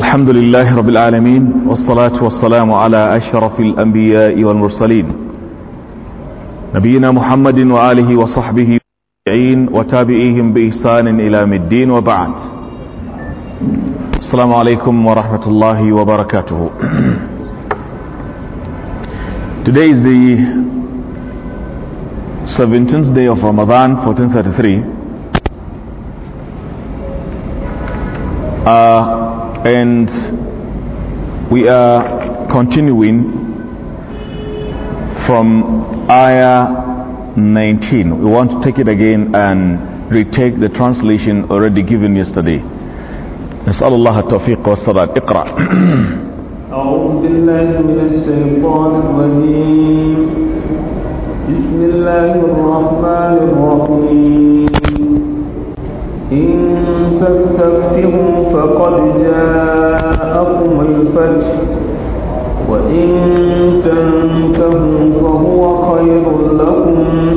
الحمد لله رب العالمين والصلاة والسلام على أشرف الأنبياء والمرسلين نبينا محمد وآله وصحبه وتابعيهم بإحسان إلى مدين وبعد السلام عليكم ورحمة الله وبركاته Today is the 17th day of Ramadan 1433 uh, and we are continuing from ayah 19 we want to take it again and retake the translation already given yesterday نسأل الله التوفيق والسداد اقرأ أعوذ بالله من الشيطان الرجيم بسم الله الرحمن الرحيم إن تستفتحوا فقد جاءكم الفتح وإن تنتهوا فهو خير لكم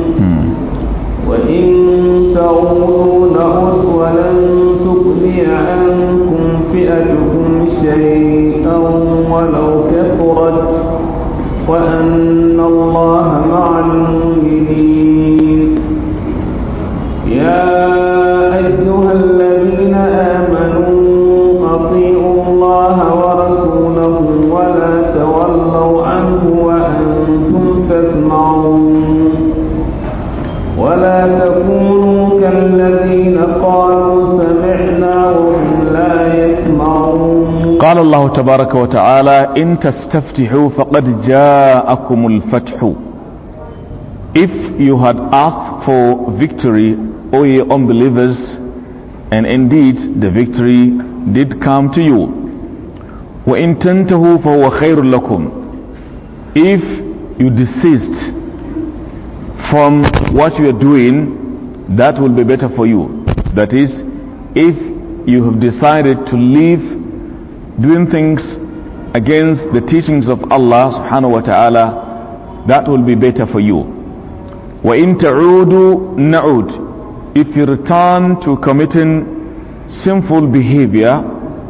وإن تعودوا نعد ولن تغني عنكم فئتكم شيئا ولو كثرت وأن الله مع المؤمنين يا قال الله تبارك وتعالى إن تستفتحوا فقد جاءكم الفتح If you had asked for victory, O ye unbelievers, and indeed the victory did come to you. وإن تنتهوا فهو خير لكم. If you desist from what you are doing, that will be better for you. That is, if you have decided to leave doing things against the teachings of Allah subhanahu wa ta'ala, that will be better for you. وَإِن تَعُودُوا نَعُودُ If you return to committing sinful behavior,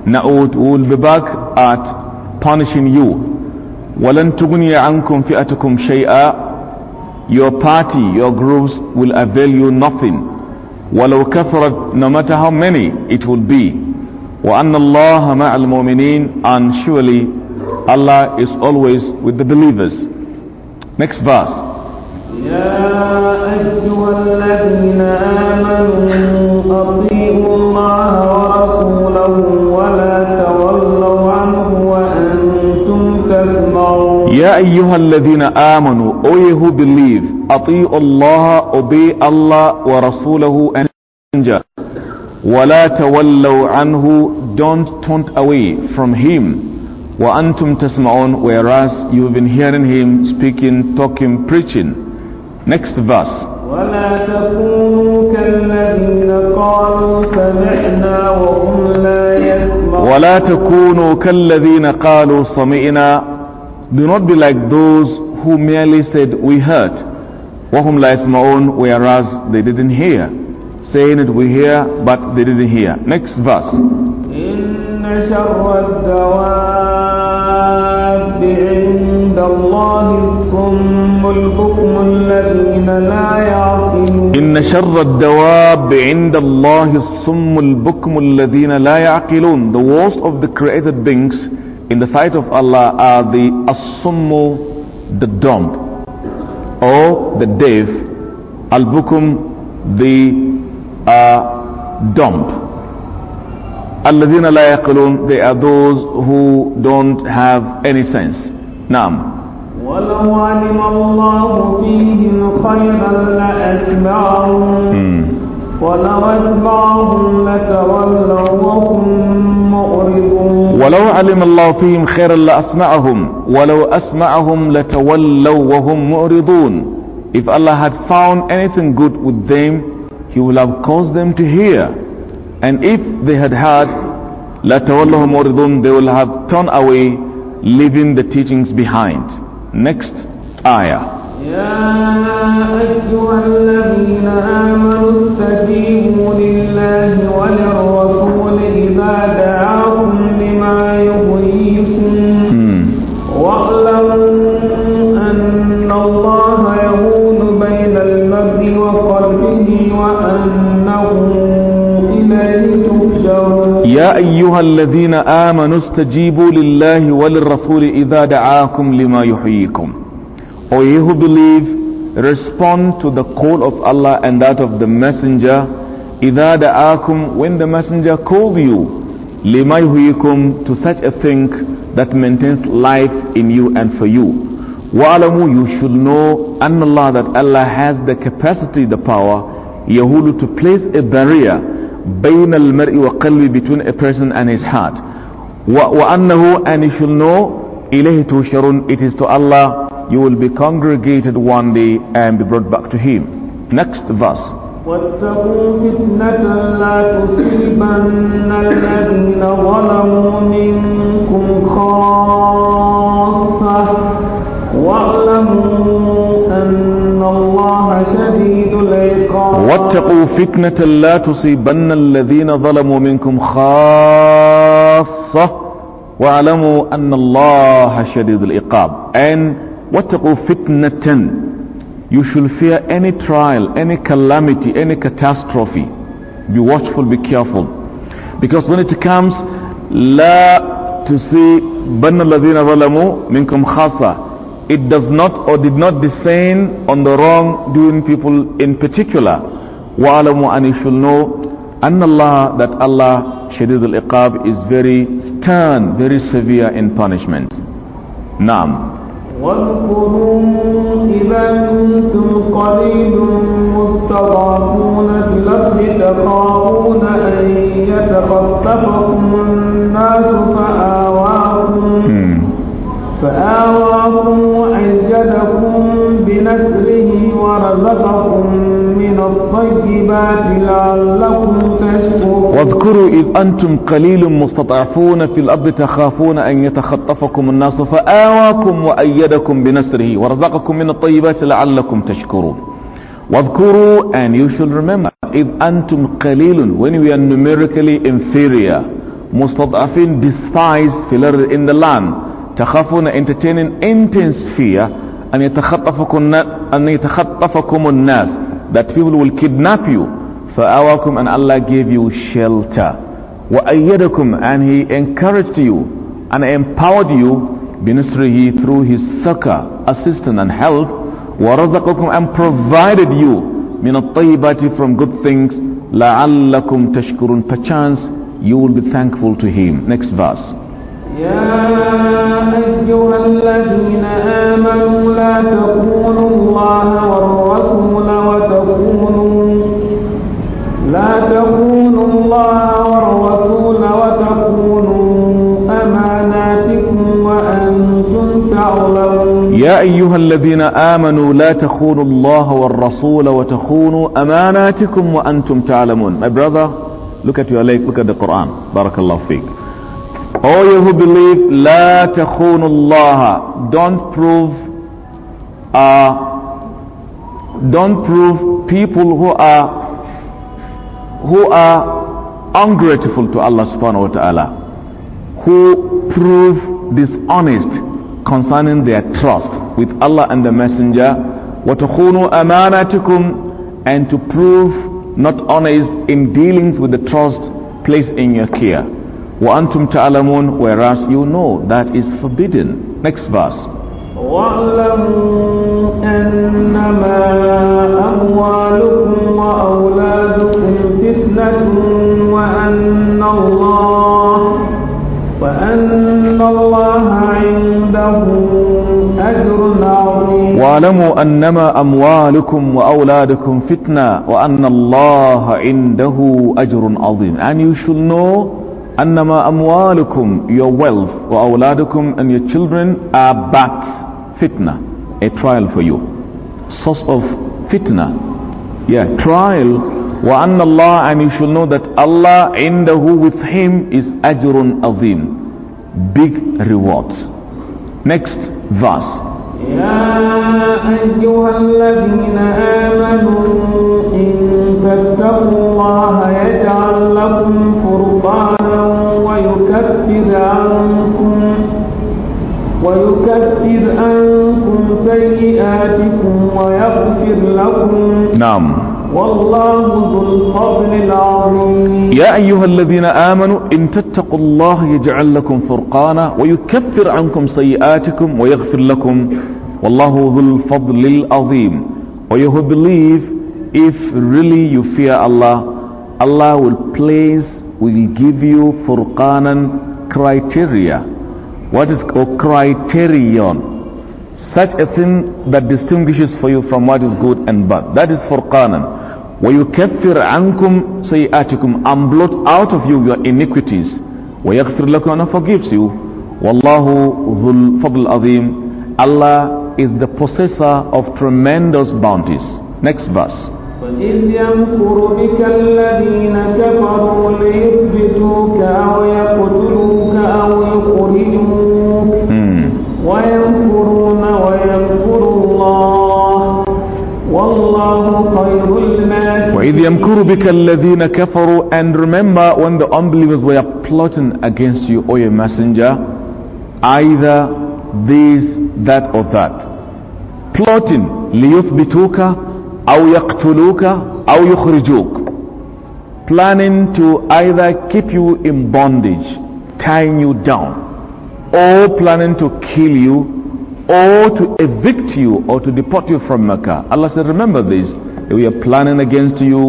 نَعُود will be back at punishing you. وَلَن تُغْنِيَ عَنْكُمْ فِئَتُكُمْ شَيْئًا Your party, your groups will avail you nothing. وَلَوْ كَثُرَتْ No matter how many it will be. وَأَنَّ اللَّهَ مَعَ الْمُؤْمِنِينَ And surely Allah is always with the believers. Next verse. يا أيها الذين آمنوا أطيعوا الله ورسوله ولا تولوا عنه وأنتم تسمعون يا أيها الذين آمنوا أو ye believe أطيعوا الله أبي الله ورسوله أنجا. وَلَا تَوَلَّوْا عَنْهُ Don't turn away from him. وَأَنْتُمْ تَسْمَعُونَ Whereas you've been hearing him speaking, talking, preaching. Next verse. ولا تكونوا كالذين قالوا سمعنا وهم لا يسمعون ولا تكونوا كالذين قالوا سمعنا Do not be like those who merely said we heard وهم لا يسمعون whereas they didn't hear saying it we hear but they didn't hear next verse إن شر الدواب عند الله الصم البكم الذين لا يعقلون the worst of the created beings in the sight of Allah are the asummu the dumb or the deaf al-bukum the are dumb. الذين لا يقلون they are those who don't have any sense نعم ولو علم الله فيهم خيرا لأتبعهم ولو أتبعهم لتولوا وهم مؤرضون ولو علم الله فيهم خيرا لأسمعهم ولو أسمعهم لتولوا وهم مؤرضون If Allah had found anything good with them he will have caused them to hear. And if they had heard, لَتَوَلَّهُ muridun, They will have turned away, leaving the teachings behind. Next ayah. يا أيها الذين آمنوا استجيبوا لله وللرسول إذا أيها الذين آمنوا استجيبوا لله وللرسول إذا دعاكم لما يحييكم O ye who believe, respond to the call of Allah and that of the Messenger إذا دعاكم when the Messenger calls you لما يحييكم to such a thing that maintains life in you and for you وَعَلَمُوا you should know أن Allah that Allah has the capacity, the power يَهُولُ to place a barrier بين المرء between a person and his heart وأنه and he shall know إليه it is to Allah you will be congregated one day and be brought back to him next verse واتقوا فتنة لا تصيبن الذين ظلموا منكم خاصة واعلموا أن الله شديد العقاب واتقوا فتنة لا تصيبن الذين ظلموا منكم خاصة واعلموا أن الله شديد العقاب and واتقوا فتنة you should fear any trial any calamity any catastrophe be watchful be careful because when it comes لا تصيبن الذين ظلموا منكم خاصة it does not or did not descend on the wrong doing people in particular. وَعَلَمُوا And you should know and Allah That Allah, al Iqab, is very stern, very severe in punishment. Nam. إذا كنتم قليل مستضعفون في الأرض تخافون أن يتخطفكم واذكروا إذ أنتم قليل مستضعفون في الأرض تخافون أن يتخطفكم الناس فآواكم وأيدكم بنصره ورزقكم من الطيبات لعلكم تشكرون واذكروا and you should remember إذ أنتم قليل when we are numerically inferior مستضعفين despised في الأرض in the land تخافون entertaining intense fear أن يتخطفكم أن يتخطفكم الناس that people will kidnap you. فَأَوَاكُمْ And Allah gave you shelter. وَأَيَّدَكُمْ And He encouraged you and empowered you بِنِسْرِهِ through His succor, assistance and help. وَرَزَقَكُمْ And provided you مِنَ الطَّيِّبَاتِ from good things. لَعَلَّكُمْ تَشْكُرُونَ Perchance you will be thankful to Him. Next verse. يا أيها الذين آمنوا لا تقولوا الله والرسول يا أيها الذين آمنوا لا تخونوا الله والرسول وتخونوا أماناتكم وأنتم تعلمون My brother, look at your lake, look at the Quran بارك الله فيك All you who believe, لا تخونوا الله Don't prove uh, don't prove people who are who are ungrateful to Allah subhanahu wa ta'ala who prove dishonest concerning their trust with Allah and the messenger وَتَخُونُوا أَمَانَاتِكُمْ and to prove not honest in dealings with the trust placed in your care antum تَعْلَمُونَ whereas you know that is forbidden next verse وأن الله وأن الله عنده أجر واعلموا أنما أموالكم وأولادكم فتنة وأن الله عنده أجر عظيم and you should know أنما أموالكم your wealth وأولادكم and your children are but fitna a trial for you source of fitna yeah trial وأن الله and you should know that Allah عنده with him is أجر عظيم big reward next verse يا أيها الذين آمنوا إن تتقوا الله يجعل لكم فرقانا ويكفر عنكم ويكفر عنكم سيئاتكم ويغفر لكم نعم يا أيها الذين آمنوا إن تتقوا الله يجعل لكم فرقانا ويكفر عنكم سيئاتكم ويغفر لكم والله ذو الفضل العظيم Or you who believe if really you fear Allah Allah will place will give you فرقانا criteria what is a criterion such a thing that distinguishes for you from what is good and bad. That is فرقانا ويكفر عنكم سيئاتكم and blot out of you your iniquities ويغفر لكم and forgives you والله ذو الفضل العظيم Allah is the possessor of tremendous bounties next verse وإذ يمكر بك الذين كفروا ليثبتوك أو يقتلوك أو يقتلوك إِذْ يَمْكُرُ بِكَ الَّذِينَ كَفَرُوا And remember when the unbelievers were plotting against you, or your messenger, either this, that or that. Plotting, لِيُثْبِتُوكَ أَوْ يَقْتُلُوكَ أَوْ يُخْرِجُوكَ Planning to either keep you in bondage, tying you down, or planning to kill you, or to evict you, or to deport you from Mecca. Allah said, remember this. They were planning against you.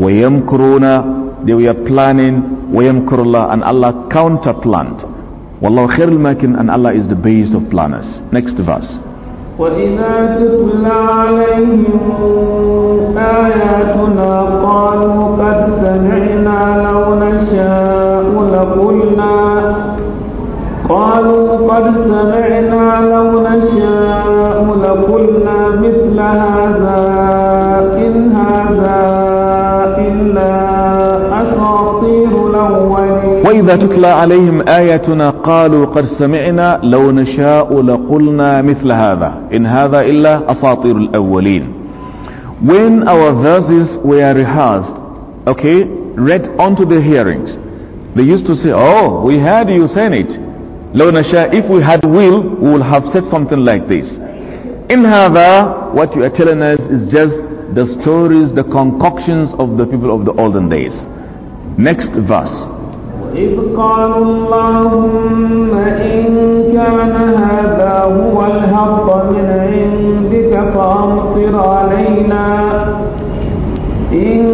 وَيَمْكُرُونَ They were planning. وَيَمْكُرُ اللَّهُ And Allah counterplanned. وَاللَّهُ خَيْرُ makin, And Allah is the base of planners. Next verse. وإذا تتلى عليهم آياتنا قالوا قد سمعنا لو نشاء لقلنا قالوا قد سمعنا لو نشاء وإذا تتلى عليهم آياتنا قالوا قد سمعنا لو نشاء لقلنا مثل هذا إن هذا إلا أساطير الأولين When our verses were rehearsed, okay, read onto the hearings, they used to say, oh, we heard you saying it. لو نشاء, if we had will, we would have said something like this. In هذا, what you are telling us is just the stories, the concoctions of the people of the olden days. Next verse. وإذ قالوا اللهم إن كان هذا هو الحق من عندك فأمطر علينا إن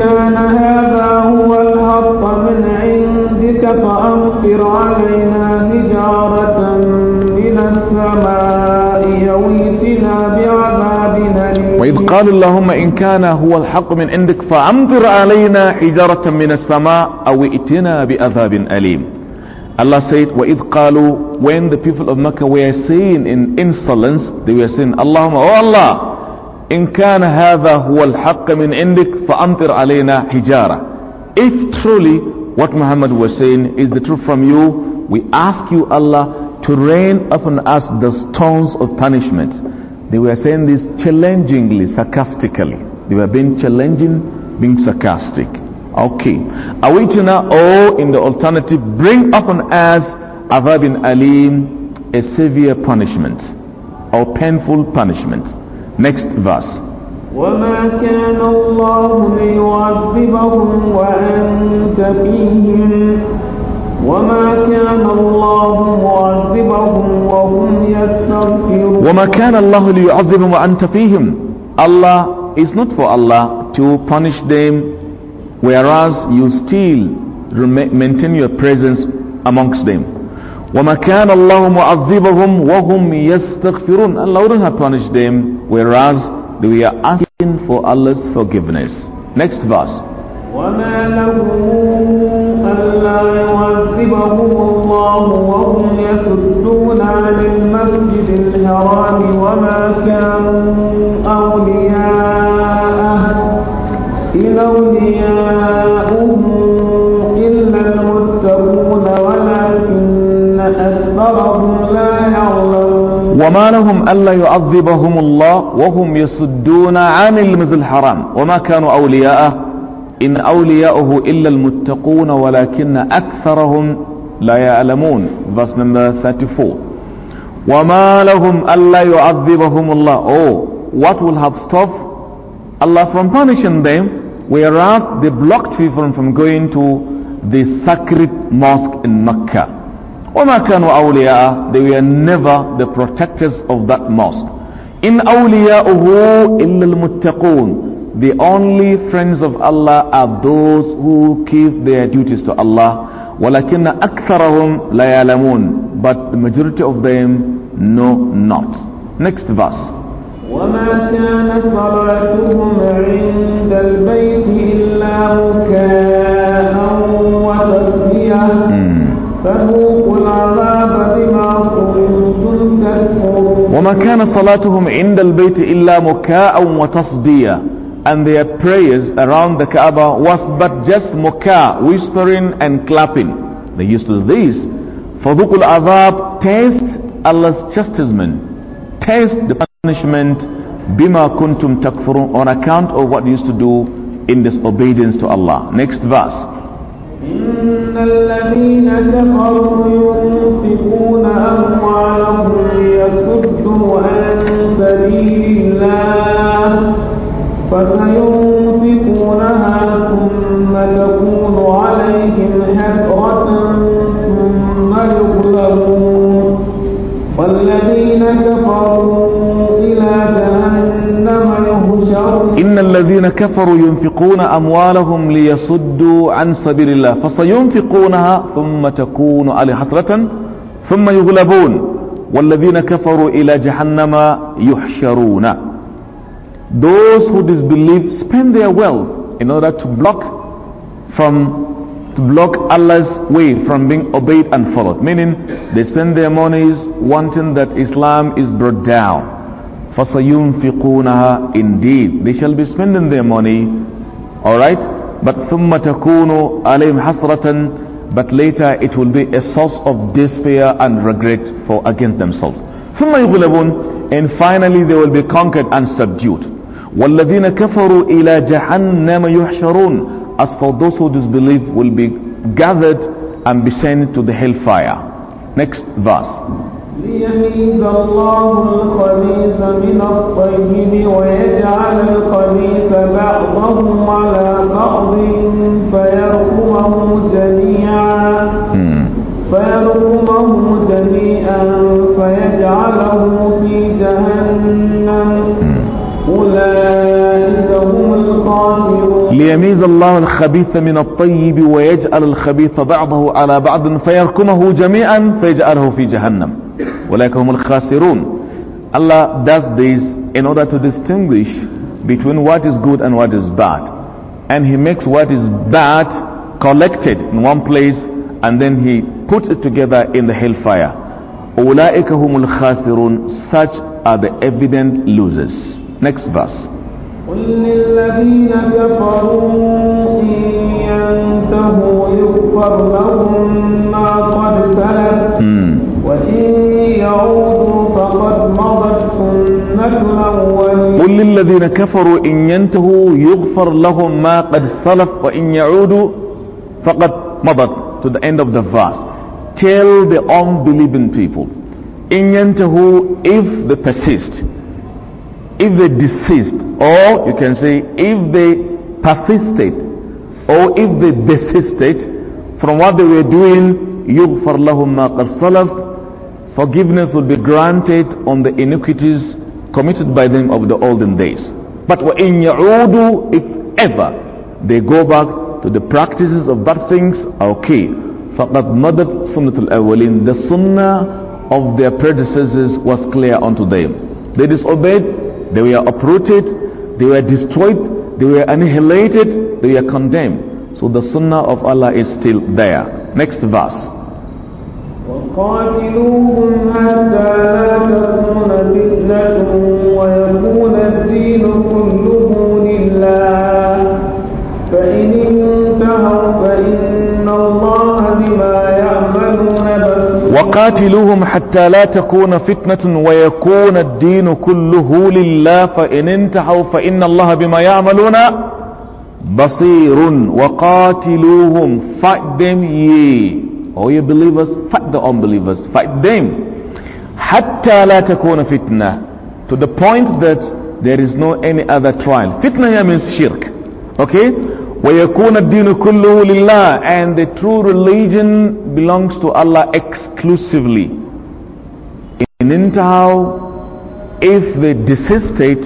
كان هذا هو الحق من عندك فأمطر علينا حجارة وإذ قال اللهم إن كان هو الحق من عندك فأمطر علينا حجارة من السماء أو ائتنا بأذاب أليم Allah said, وَإِذْ قَالُوا When the people of Mecca were saying in insolence, they were saying, Allahumma, oh Allah, إِن كَانَ هَذَا هُوَ الْحَقَّ مِنْ عِنْدِكَ فَأَمْطِرْ عَلَيْنَا حِجَارَةً If truly what Muhammad was saying is the truth from you, we ask you, Allah, to rain upon us the stones of punishment. They were saying this challengingly, sarcastically. They were being challenging, being sarcastic. Okay. Are we to now, all oh, in the alternative, bring upon us Avabin Alim a severe punishment or painful punishment? Next verse. وما كان الله ليعذبهم وأنت فيهم وما كان الله معذبهم وهم يستغفرون وما كان الله ليعذبهم وأنت فيهم Allah is not for Allah to punish them whereas you still maintain your presence amongst them وما كان الله معذبهم وهم يستغفرون Allah wouldn't have punished them whereas they are asking for Allah's forgiveness next verse وما ألا يعذبهم الله وهم يسدون عن المسجد الحرام وما كانوا أولياءه إن إلا المتقون ولكن أكثرهم لا وما لهم ألا يعذبهم الله وهم يصدون عن المسجد الحرام وما كانوا أولياءه إن أولياؤه إلا المتقون ولكن أكثرهم لا يعلمون verse number 34 وما لهم ألا يعذبهم الله oh what will have stopped Allah from punishing them whereas they blocked people from going to the sacred mosque in Mecca وما كانوا أولياء they were never the protectors of that mosque إن أولياؤه إلا المتقون The only friends of Allah are those who keep their duties to Allah. وَلَكِنَّ أَكْثَرَهُمْ لَا يَعْلَمُونَ But the majority of them know not. Next verse. وما كان صلاتهم عند البيت إلا مكاء وتصديا. فذوقوا العذاب بما كنتم تكفرون وما كان صلاتهم عند البيت إلا مكاء وتصديا and their prayers around the Kaaba was but just muka, whispering and clapping. They used to do this. Fadukul Azab, taste Allah's chastisement. Taste the punishment bima kuntum takfurun on account of what you used to do in disobedience to Allah. Next verse. إن الذين كفروا ينفقون أموالهم فسينفقونها ثم تكون عليهم حسرة ثم يغلبون والذين كفروا إلى جهنم إن الذين كفروا ينفقون أموالهم ليصدوا عن سبيل الله فسينفقونها ثم تكون على حسرة ثم يغلبون والذين كفروا إلى جهنم يحشرون Those who disbelieve spend their wealth in order to block from to block Allah's way from being obeyed and followed. Meaning they spend their monies wanting that Islam is brought down. فَسَيُنْفِقُونَهَا Indeed, they shall be spending their money, alright? But ثُمَّ تَكُونُ عَلَيْهِمْ حَسْرَةً But later it will be a source of despair and regret for against themselves. ثُمَّ يُغْلَبُونَ And finally they will be conquered and subdued. وَالَّذِينَ كَفَرُوا إِلَى جَهَنَّمَ يُحْشَرُونَ As for those who disbelieve will be gathered and be sent to the hellfire. Next verse. ليميز الله الخبيث من الطيب ويجعل الخبيث بعضهم على بعض فيرقمه جميعا فيرقمه ليميز الله الخبيث من الطيب ويجعل الخبيث بعضه على بعض فيركمه جميعا فيجعله في جهنم ولكن هم الخاسرون Allah does this in order to distinguish between what is good and what is bad and he makes what is bad collected in one place and then he puts it together in the hellfire أولئك هم الخاسرون such are the evident losers next verse قل للذين كفروا إن ينتهوا يغفر لهم ما قد سلف وإن يعودوا فقد مضت to the end of the verse tell the unbelieving people إن ينتهوا if they persist if they desist, or you can say if they persisted, or if they desisted from what they were doing, يغفر لهم ما قد forgiveness will be granted on the iniquities committed by them of the olden days. But in يعودوا, if ever they go back to the practices of bad things, okay. فقد مضت سنة الأولين. The sunnah of their predecessors was clear unto them. They disobeyed they were uprooted, they were destroyed, they were annihilated, they were condemned. So the sunnah of Allah is still there. Next verse. وقاتلوهم حتى لا تكون فتنة ويكون الدين كله لله فإن انتهوا فإن الله بما يعملون بصير وقاتلوهم fight them ye all you believers fight the unbelievers fight them حتى لا تكون فتنة to the point that there is no any other trial fitna means shirk okay وَيَكُونَ الدِّينُ كُلُّهُ لِلَّهِ And the true religion belongs to Allah exclusively. In intahaw, if they desisted,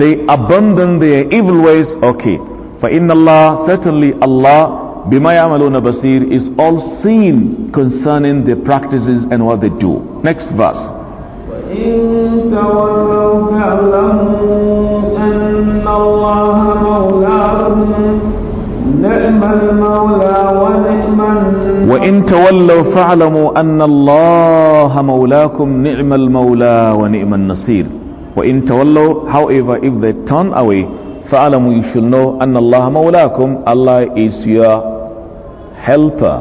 they abandon their evil ways, okay. فَإِنَّ اللَّهَ Certainly Allah بِمَا يَعْمَلُونَ بَصِيرٌ is all seen concerning their practices and what they do. Next verse. وَإِن تَوَلَّوْا فَاعْلَمُوا أَنَّ اللَّهَ وإن تولوا فاعلموا أن الله مولاكم نعم المولى ونعم النصير وإن تولوا however if they turn away فاعلموا you should know أن الله مولاكم Allah is your helper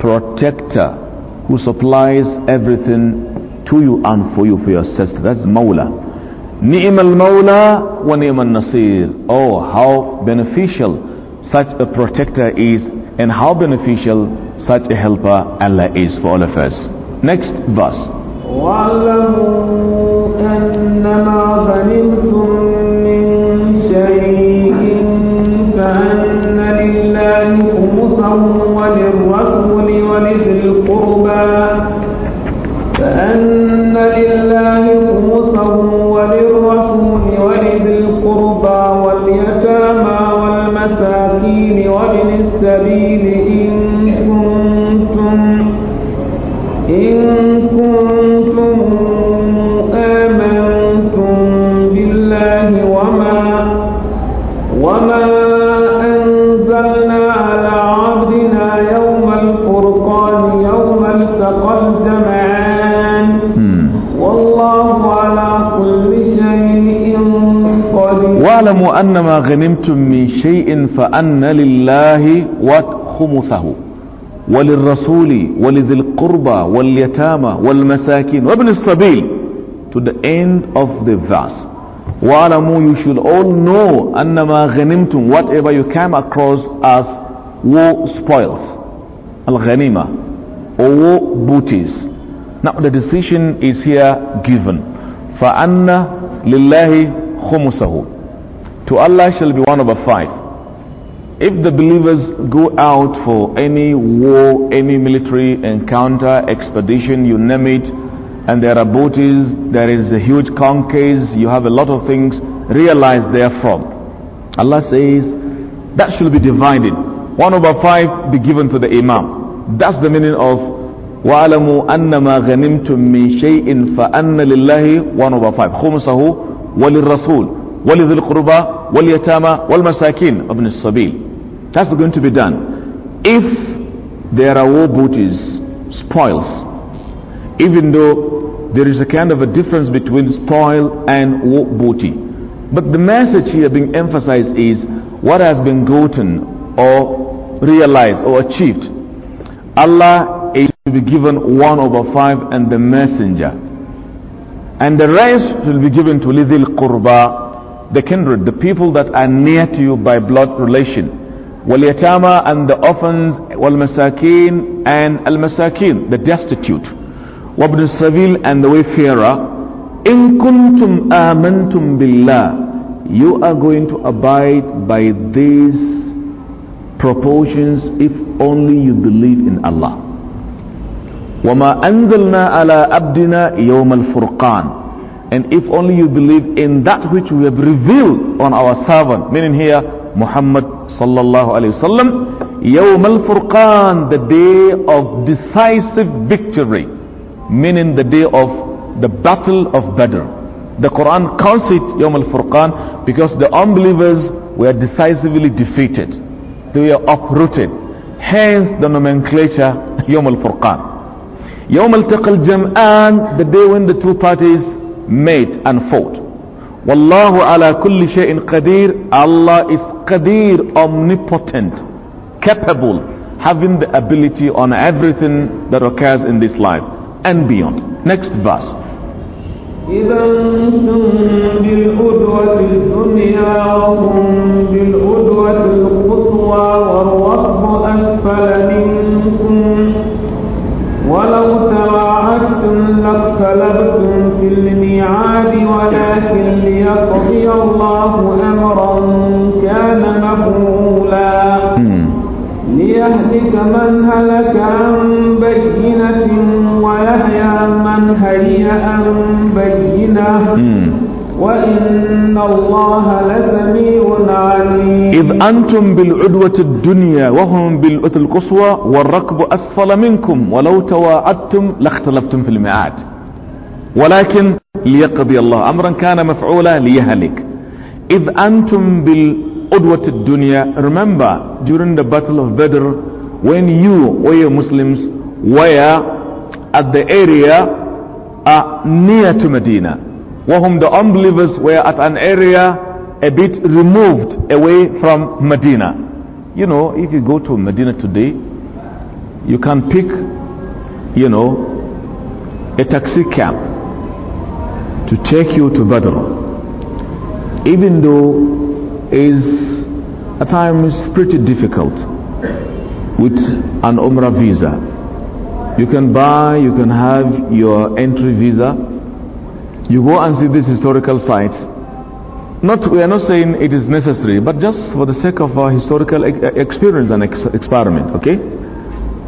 protector who supplies everything to you and for you for your sister that's مولا نعم المولى ونعم النصير oh how beneficial such a protector is and how beneficial such a helper Allah is for all of us. Next verse. غنمتم من شيء فأن لله وخمثه وللرسول ولذي القربى واليتامى والمساكين وابن السبيل to the end of the verse وَعَلَمُوا you should all know أَنَّمَا غَنِمْتُمْ whatever you came across as war spoils الغنيمة or war booties now the decision is here given فَأَنَّ لِلَّهِ خُمُسَهُ to Allah shall be one over five. If the believers go out for any war, any military encounter, expedition, you name it, and there are booties, there is a huge conquest, you have a lot of things, realize therefore. Allah says that should be divided. One over five be given to the Imam. That's the meaning of وَاعْلَمُوا أَنَّمَا غَنِمْتُم مِّن شَيْءٍ فَأَنَّ lillahi 1 over 5 خُمُسَهُ rasul وَلِذِي Qurba. وَالْيَتَامَى وَالْمَسَاكِينَ ibn sabil. That's going to be done. If there are war booties, spoils, even though there is a kind of a difference between spoil and war booty. But the message here being emphasized is what has been gotten or realized or achieved. Allah is to be given one over five and the messenger. And the rest will be given to Lidil Qurba the kindred, the people that are near to you by blood relation. Walyatama and the orphans, wal masakin and al masakin, the destitute. Wabn Sabil and the wayfarer. In kuntum amantum billah, you are going to abide by these proportions if only you believe in Allah. وما أنزلنا على عبدنا يوم الفرقان and if only you believe in that which we have revealed on our servant, meaning here Muhammad sallallahu alayhi wasallam, Yawm al-Furqan, the day of decisive victory, meaning the day of the battle of Badr. The Quran calls it Yawm al-Furqan because the unbelievers were decisively defeated. They were uprooted. Hence the nomenclature Yawm al-Furqan. Yawm al-Taqal Jam'an, the day when the two parties made and fought. Wallahu ala kulli shay'in qadir. Allah is qadir, omnipotent, capable, having the ability on everything that occurs in this life and beyond. Next verse. إذا أنتم الدنيا وهم القصوى والركب أسفل منكم ولو تواعدتم لاختلفتم الميعاد ولكن ليقضي الله أمرا كان مفعولا ليهلك من هلك عن بينة ويحيى من هيا عن بينة وإن الله لسميع عليم إذ أنتم بالعدوة الدنيا وهم بالعدوة القصوى والركب أسفل منكم ولو تواعدتم لاختلفتم في الميعاد ولكن ليقضي الله أمرا كان مفعولا ليهلك إذ أنتم بالعدوة الدنيا remember during the battle of Badr when you were Muslims were at the area uh, near to Medina whom the unbelievers were at an area a bit removed away from Medina you know if you go to Medina today you can pick you know a taxi cab to take you to Badr, even though is at times pretty difficult with an Umrah visa. You can buy, you can have your entry visa. You go and see this historical site. Not, we are not saying it is necessary, but just for the sake of our uh, historical uh, experience and ex experiment, okay?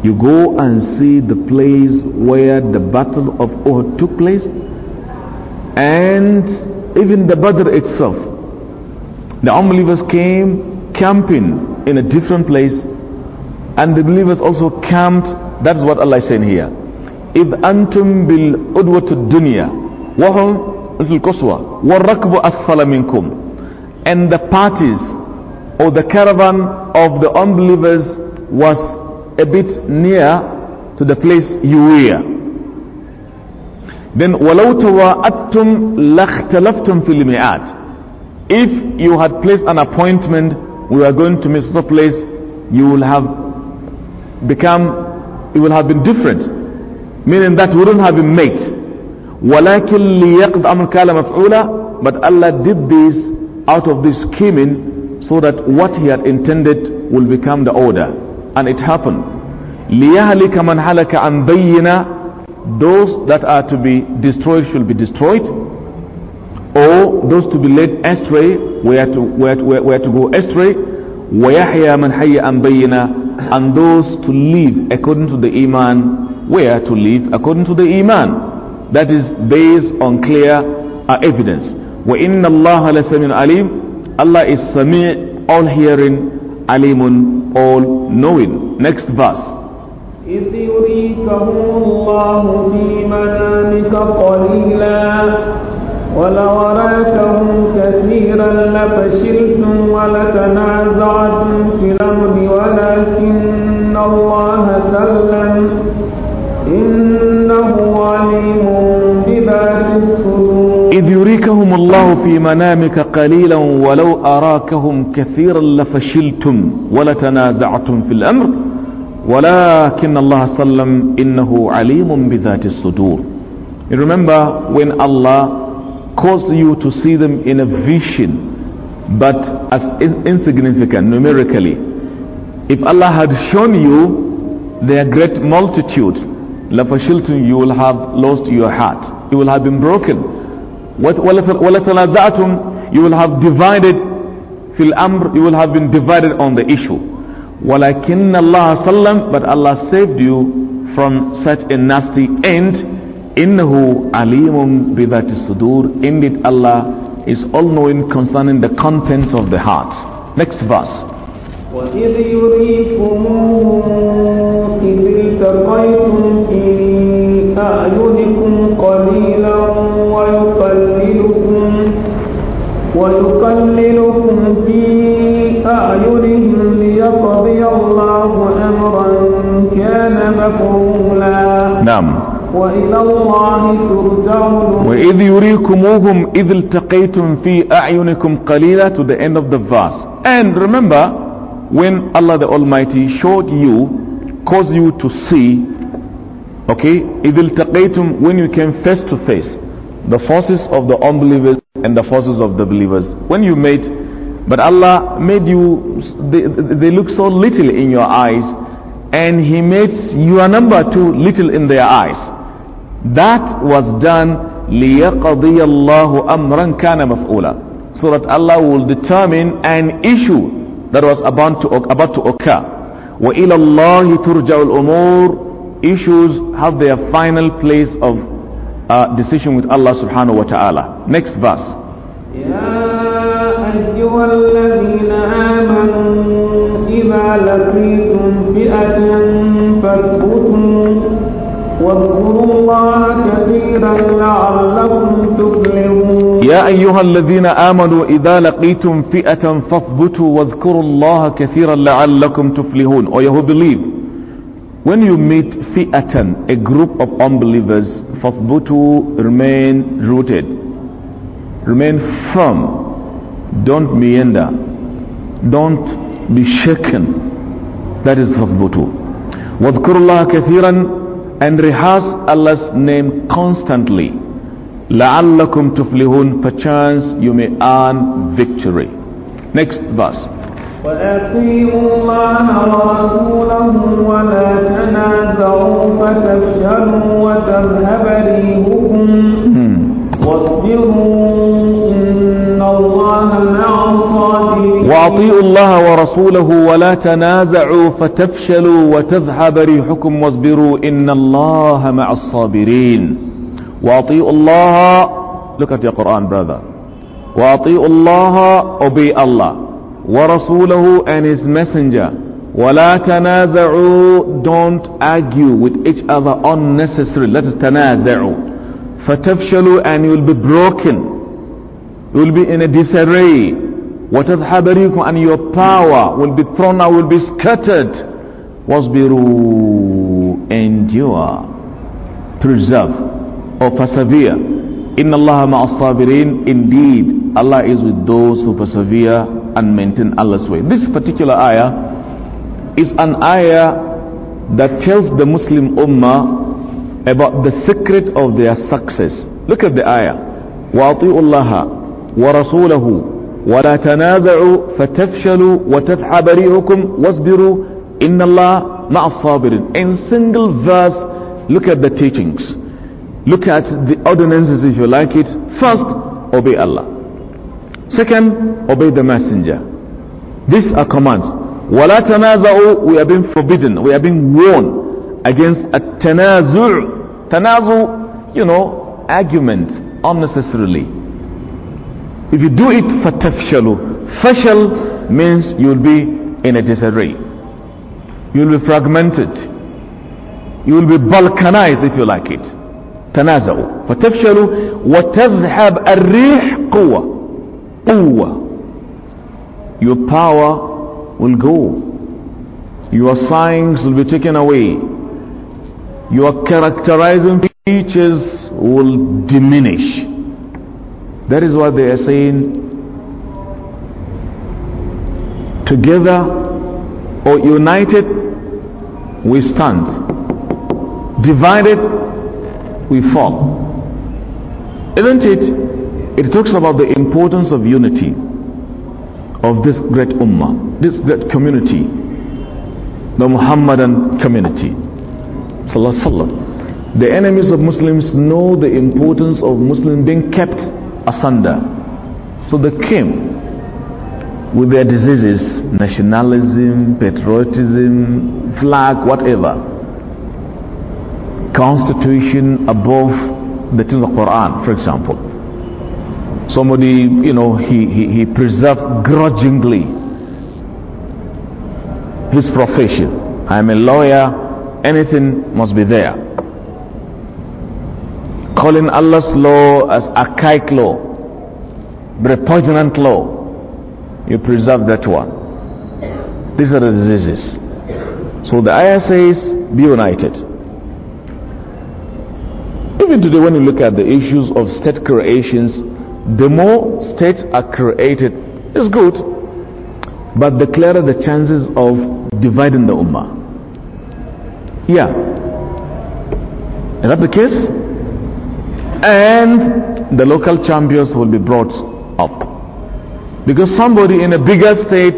You go and see the place where the Battle of Uhud took place and even the Badr itself. The unbelievers came camping in a different place and the believers also camped. That's what Allah is saying here. "If antum bil الدنيا وهم مثل القصوى والركب أسفل asfalaminkum." and the parties or the caravan of the unbelievers was a bit near to the place you were then وَلَوْ تَوَاءَتْتُمْ لَاخْتَلَفْتُمْ fil miat. If you had placed an appointment, we are going to miss some place, you will have become, it will have been different. Meaning that wouldn't have been made. وَلَكِنْ لِيَقْضْ أَمْرُ كَالَ مَفْعُولًا But Allah did this out of this scheming so that what He had intended will become the order. And it happened. لِيَهْلِكَ مَنْ هَلَكَ those that are to be destroyed should be destroyed, or those to be led astray where to, where to, where to go astray, وَيَحْيَا مَنْ حَيَّ أَنْ بَيِّنَا And those to live according to the Iman where to live according to the Iman. That is based on clear uh, evidence. وَإِنَّ اللَّهَ لَسَمِيعٌ عَلِيمٌ Allah is Sami' all hearing, Alimun all knowing. Next verse. إذ يريكهم الله في منامك قليلا ولو راكهم كثيرا لفشلتم ولتنازعتم في الأمر ولكن الله سلم إنه عليم بذات الصدور إذ يريكهم الله في منامك قليلا ولو أراكهم كثيرا لفشلتم ولتنازعتم في الأمر وَلَكِنَّ اللَّهَ صَلَّمْ إِنَّهُ عَلِيمٌ بِذَاتِ الصُّدُورِ You remember when Allah caused you to see them in a vision, but as insignificant numerically. If Allah had shown you their great multitude, لَفَشِلْتُمْ You will have lost your heart. You will have been broken. وَلَتَنَازَعْتُمْ You will have divided فِي الْأَمْرِ You will have been divided on the issue. وَلَكِنَّ اللَّهَ سَلَّمْ But Allah saved you from such a nasty end. إِنَّهُ عَلِيمٌ بِذَاتِ الصُّدُورِ Indeed Allah is all-knowing concerning the contents of the heart. Next verse. وإذ يريكموهم إذ التقيتم في أعينكم قليلا ويقللكم ويقللكم في أعينكم كان مفعولا نعم وإلى الله ترجع وإذ يريكموهم إذ التقيتم في أعينكم قليلا to the end of the verse and remember when Allah the Almighty showed you caused you to see okay إذ التقيتم when you came face to face the forces of the unbelievers and the forces of the believers when you met but Allah made you they, they look so little in your eyes and he makes your number too little in their eyes. That was done لِيَقَضِيَ اللَّهُ أَمْرًا كَانَ مَفْعُولًا So that Allah will determine an issue that was about to, about to occur. وَإِلَى اللَّهِ تُرْجَعُ الْأُمُورِ Issues have their final place of uh, decision with Allah subhanahu wa ta'ala. Next verse. يا أيها الذين آمنوا إذا لقيتم فئة فاثبتوا واذكروا الله كثيرا لعلكم تفلحون or you who believe When you meet فئة a group of unbelievers, فاثبتوا remain rooted, remain firm, don't meander, don't be shaken, That is فَاثْبُتُوا وَاذْكُرُ اللَّهَ كَثِيرًا And rehearse Allah's name constantly. لَعَلَّكُمْ تُفْلِهُونَ Perchance you may earn victory. Next verse. وأطيعوا الله ورسوله ولا تنازعوا فتفشلوا وتذهب ريحكم واصبروا وأطيعوا الله ورسوله ولا تنازعوا فتفشلوا وتذهب ريحكم واصبروا إن الله مع الصابرين وأطيعوا الله look at your Quran brother وأطيعوا الله obey Allah ورسوله and his messenger ولا تنازعوا don't argue with each other unnecessarily let us تنازعوا فتفشلوا and you will be broken you will be in a disarray وتذهب ريحكم and your power will be thrown out, will be scattered. واصبروا endure preserve or oh, persevere إن الله مع الصابرين indeed Allah is with those who persevere and maintain Allah's way this particular ayah is an ayah that tells the Muslim Ummah about the secret of their success look at the ayah وأطيعوا الله ورسوله ولا تنازعوا فتفشلوا وتفحى بريئكم واصبروا إن الله مع الصابرين in single verse look at the teachings look at the ordinances if you like it first obey Allah second obey the messenger these are commands ولا تنازعوا we are being forbidden we are being warned against a تنازع تنازع you know argument unnecessarily if you do it, fatafshalu. Fashal means you'll be in a disarray. You'll be fragmented. You'll be balkanized if you like it. تنازعوا فتفشلوا وتذهب الريح قوة قوة your power will go your signs will be taken away your characterizing features will diminish that is what they are saying. Together or united, we stand. Divided, we fall. Isn't it? It talks about the importance of unity of this great ummah, this great community, the Muhammadan community. The enemies of Muslims know the importance of Muslims being kept asunder. So they came with their diseases, nationalism, patriotism, flag, whatever. Constitution above the things of Quran, for example. Somebody, you know, he, he, he preserved grudgingly his profession. I'm a lawyer, anything must be there calling Allah's law as archaic law, repugnant law, you preserve that one. These are the diseases. So the ayah says, be united. Even today, when you look at the issues of state creations, the more states are created, it's good, but the clearer the chances of dividing the ummah. Yeah. Is that the case? and the local champions will be brought up because somebody in a bigger state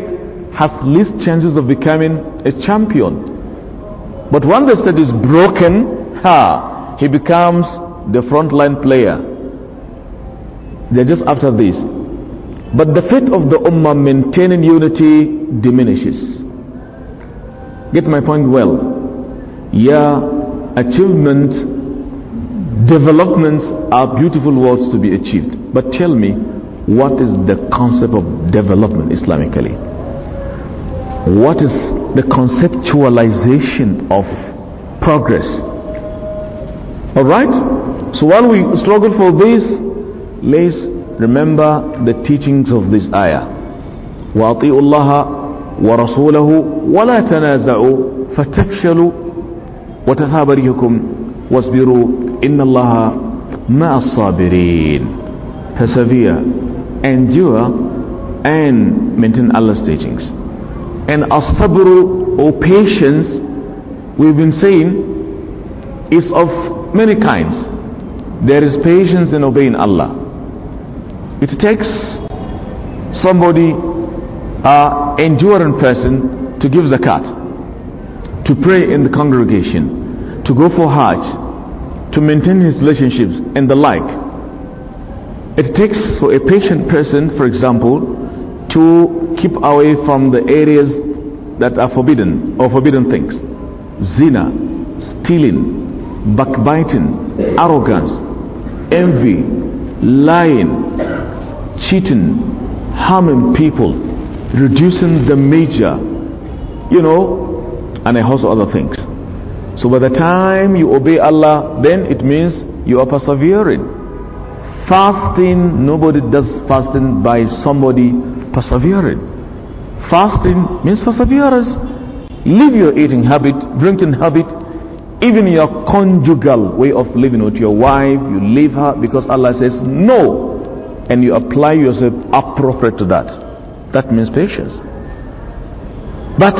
has least chances of becoming a champion but when the state is broken ha he becomes the frontline player they're just after this but the fate of the ummah maintaining unity diminishes get my point well yeah achievement Developments are beautiful words to be achieved. But tell me, what is the concept of development Islamically? What is the conceptualization of progress? Alright? So while we struggle for this, let's remember the teachings of this ayah. وَأَطِيعُوا اللَّهَ وَرَسُولَهُ وَلَا تَنَازَعُوا فَتَفْشَلُوا وَتَثَابَ رِيحُكُمْ وَاصْبِرُوا إن الله مع الصابرين persevere endure and maintain Allah's teachings and as-sabr or patience we've been saying is of many kinds there is patience in obeying Allah it takes somebody uh, enduring person to give zakat to pray in the congregation to go for hajj to maintain his relationships and the like. It takes for a patient person, for example, to keep away from the areas that are forbidden or forbidden things zina, stealing, backbiting, arrogance, envy, lying, cheating, harming people, reducing the major, you know, and a host of other things. So by the time you obey Allah, then it means you are persevering. Fasting, nobody does fasting by somebody persevering. Fasting means perseverance. Leave your eating habit, drinking habit, even your conjugal way of living with your wife, you leave her because Allah says no. And you apply yourself appropriate to that. That means patience. But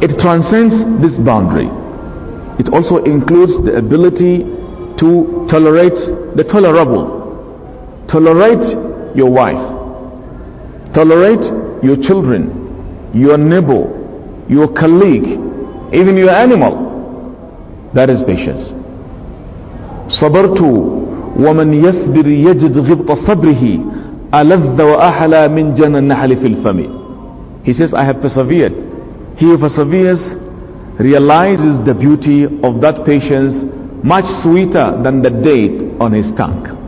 it transcends this boundary. It also includes the ability to tolerate the tolerable. Tolerate your wife. Tolerate your children, your neighbor, your colleague, even your animal. That is patience. صبرت ومن يصبر يجد غبط صبره ألذ وأحلى من جنى النحل في الفم. He says, I have persevered. He who perseveres realizes the beauty of that patience much sweeter than the date on his tongue.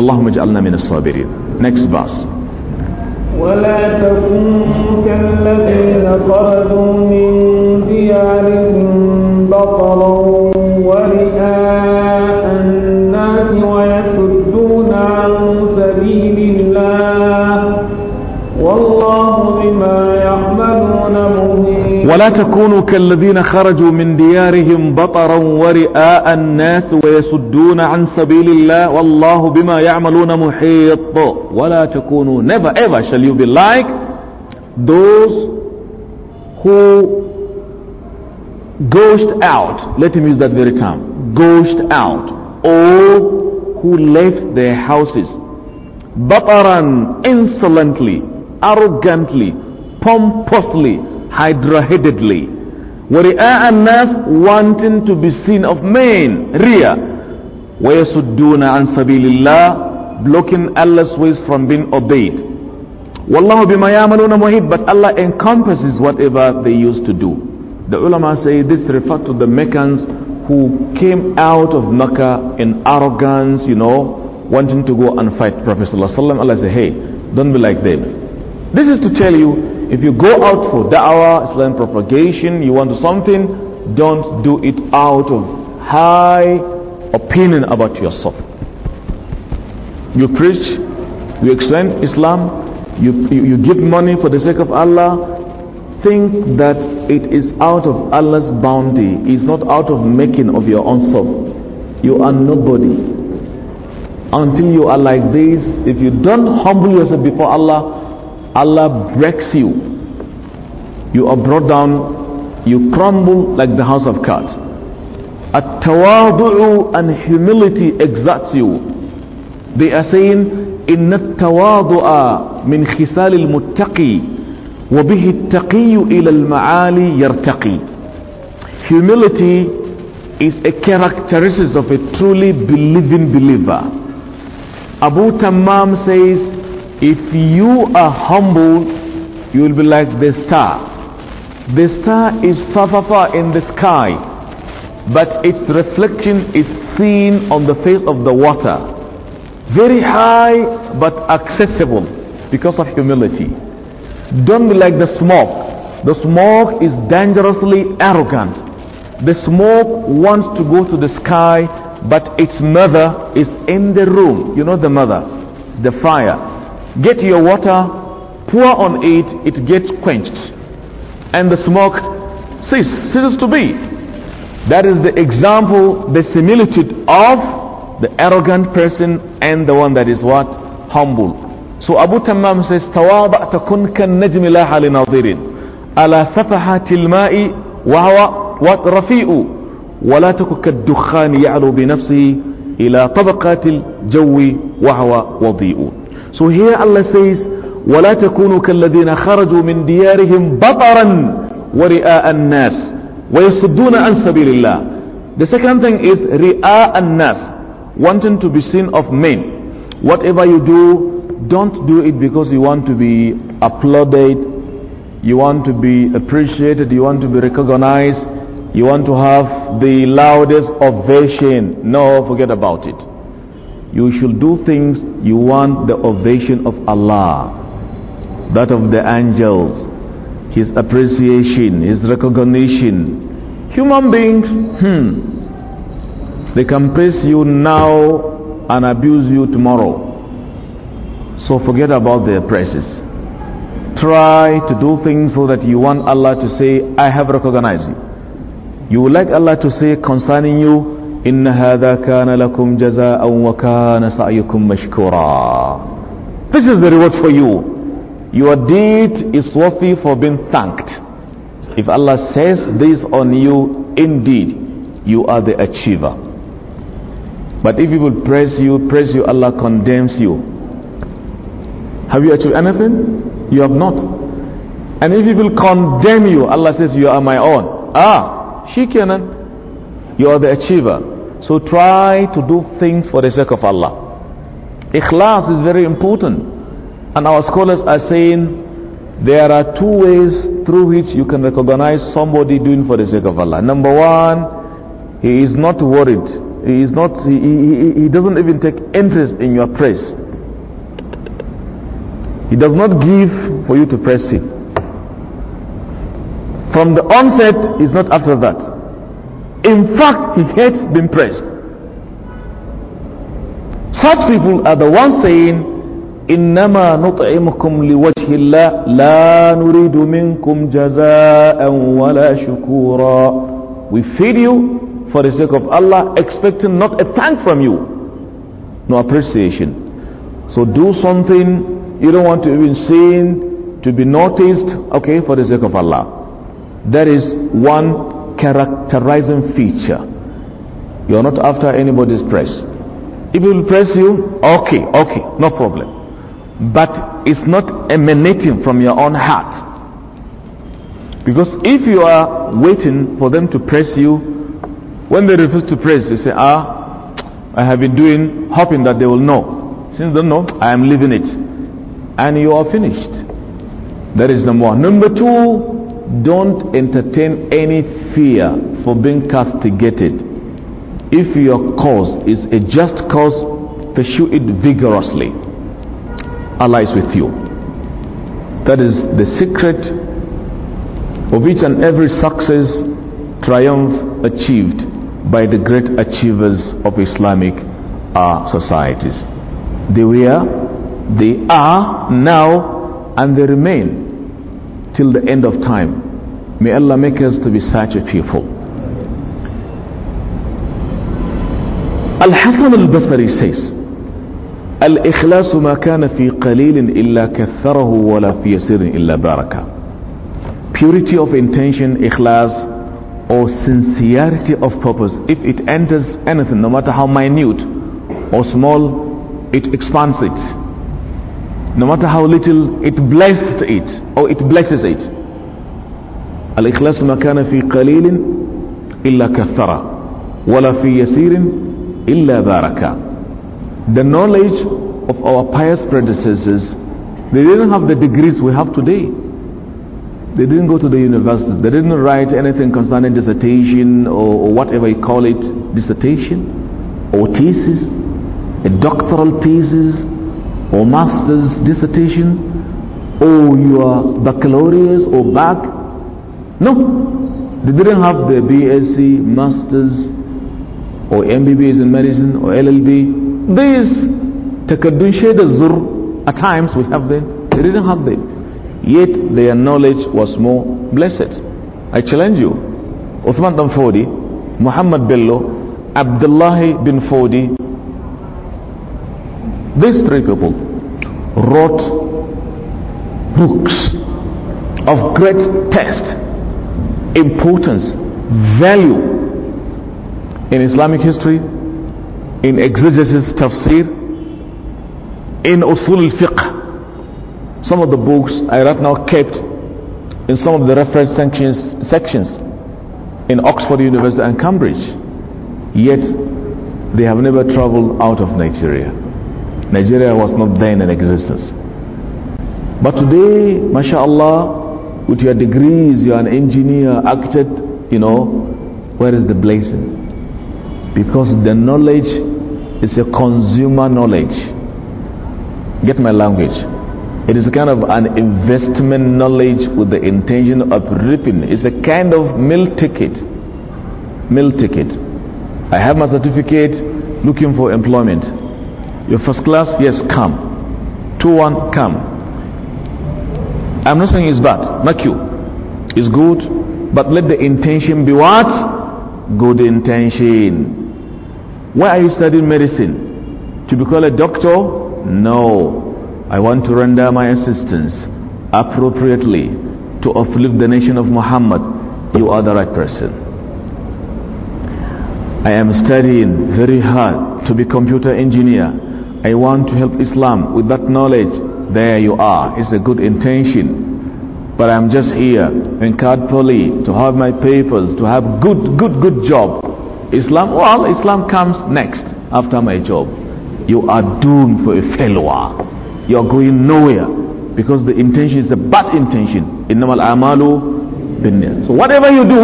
اللهم اجعلنا من الصابرين. Next verse. ولا تكونوا كالذين خرجوا من ديارهم ولا تكونوا كالذين خرجوا من ديارهم بطرا ورئاء الناس ويسدون عن سبيل الله والله بما يعملون محيط ولا تكونوا never ever shall you be like those who ghost out let him use that very term ghost out or who left their houses بطرا insolently arrogantly pompously hydra-headedly. وَرِئَاءَ النَّاسِ wanting to be seen of men, riya. وَيَسُدُّونَ عَن سَبِيلِ اللَّهِ blocking Allah's ways from being obeyed. وَاللَّهُ بِمَا يَعْمَلُونَ مُحِيطٌ But Allah encompasses whatever they used to do. The ulama say this refers to the Meccans who came out of Mecca in arrogance, you know, wanting to go and fight Prophet wasallam. Allah said, hey, don't be like them. This is to tell you if you go out for da'wah, Islam propagation, you want to do something, don't do it out of high opinion about yourself. You preach, you explain Islam, you, you, you give money for the sake of Allah, think that it is out of Allah's bounty, it's not out of making of your own self. You are nobody. Until you are like this, if you don't humble yourself before Allah, Allah breaks you. You are brought down, you crumble like the house of cards. At-tawadu'u and humility exerts you. They are saying, إن التواضع من خصال المتقي وبه التقي إلى المعالي يرتقي. Humility is a characteristic of a truly believing believer. Abu Tamam says, if you are humble, you will be like the star. The star is far, far, far in the sky, but its reflection is seen on the face of the water. Very high, but accessible because of humility. Don't be like the smoke. The smoke is dangerously arrogant. The smoke wants to go to the sky, but its mother is in the room. You know the mother, it's the fire get your water, pour on it, it gets quenched, and the smoke ceases to be. That is the example, the similitude of the arrogant person and the one that is what? Humble. So Abu Tamam says, تواضعت كن كالنجم لا حال ناظر على سفحة الماء وهو رفيء ولا تك الدخان يعلو بنفسه إلى طبقات الجو وهو وضيء so here Allah says, وَلَا تَكُونُوا كَالَّذِينَ خَرَجُوا مِنْ دِيَارِهِمْ بَطَرًا وَرِئَاءَ النَّاسِ وَيَصُدُّونَ عَنْ سَبِيلِ اللَّهِ The second thing is رِئَاءَ النَّاسِ Wanting to be seen of men. Whatever you do, don't do it because you want to be applauded, you want to be appreciated, you want to be recognized, you want to have the loudest ovation. No, forget about it you should do things you want the ovation of Allah, that of the angels, His appreciation, His recognition. Human beings, hmm, they can praise you now and abuse you tomorrow. So forget about their praises. Try to do things so that you want Allah to say, I have recognized you. You would like Allah to say concerning you, إن هذا كان لكم جزاء وكان سعيكم مشكورا This is the reward for you. Your deed is worthy for being thanked. If Allah says this on you, indeed, you are the achiever. But if people praise you, praise you, Allah condemns you. Have you achieved anything? You have not. And if people condemn you, Allah says, You are my own. Ah, she canon. You are the achiever. So try to do things for the sake of Allah. Ikhlas is very important. And our scholars are saying there are two ways through which you can recognize somebody doing for the sake of Allah. Number one, he is not worried. He is not he, he, he doesn't even take interest in your praise. He does not give for you to praise him. From the onset, he's not after that. In fact, he hates being praised. Such people are the ones saying, إنما نطعمكم لوجه الله لا نريد منكم جزاء ولا شكورا We feed you for the sake of Allah expecting not a thank from you no appreciation so do something you don't want to even seen to be noticed okay for the sake of Allah that is one characterizing feature. You are not after anybody's praise. If will praise you, okay, okay, no problem. But it's not emanating from your own heart. Because if you are waiting for them to praise you, when they refuse to praise, you say, ah, I have been doing, hoping that they will know. Since they don't know, I am leaving it. And you are finished. That is number one. Number two, don't entertain any fear for being castigated. If your cause is a just cause, pursue it vigorously. Allah is with you. That is the secret of each and every success, triumph achieved by the great achievers of Islamic uh, societies. They were, they are now, and they remain till the end of time. May Allah make us to be such a people. Al-Hasan al-Basri says, الإخلاص ما Purity of intention, ikhlas, or sincerity of purpose, if it enters anything, no matter how minute or small, it expands it no matter how little it blessed it or it blesses it الإخلاص ما كان في قليل إلا ولا في يسير إلا بارك the knowledge of our pious predecessors they didn't have the degrees we have today they didn't go to the university they didn't write anything concerning dissertation or, or whatever you call it dissertation or thesis a doctoral thesis or master's dissertation or your baccalaureate or back. No, they didn't have the BSc, master's, or MBBS in medicine or LLB. These takaddun shayda zur, at times we have them, they didn't have them. Yet their knowledge was more blessed. I challenge you, Uthman bin Fodi, Muhammad Bello, Abdullah bin Fodi, these three people wrote books of great text, importance, value in Islamic history, in exegesis, tafsir, in usul al-fiqh. Some of the books I right now kept in some of the reference sections, sections in Oxford University and Cambridge. Yet they have never traveled out of Nigeria. Nigeria was not then in existence. But today, mashallah, with your degrees, you're an engineer, architect, you know, where is the blessing? Because the knowledge is a consumer knowledge. Get my language. It is kind of an investment knowledge with the intention of reaping. It's a kind of meal ticket. Meal ticket. I have my certificate looking for employment. Your first class, yes, come. 2 1, come. I'm not saying it's bad. Mark you. It's good. But let the intention be what? Good intention. Why are you studying medicine? To become a doctor? No. I want to render my assistance appropriately to uplift the nation of Muhammad. You are the right person. I am studying very hard to be computer engineer I want to help Islam with that knowledge. There you are. It's a good intention. But I'm just here in Kadpoli to have my papers, to have good, good, good job. Islam, well, Islam comes next after my job. You are doomed for a failure. You are going nowhere because the intention is a bad intention. Innamal amalu So whatever you do,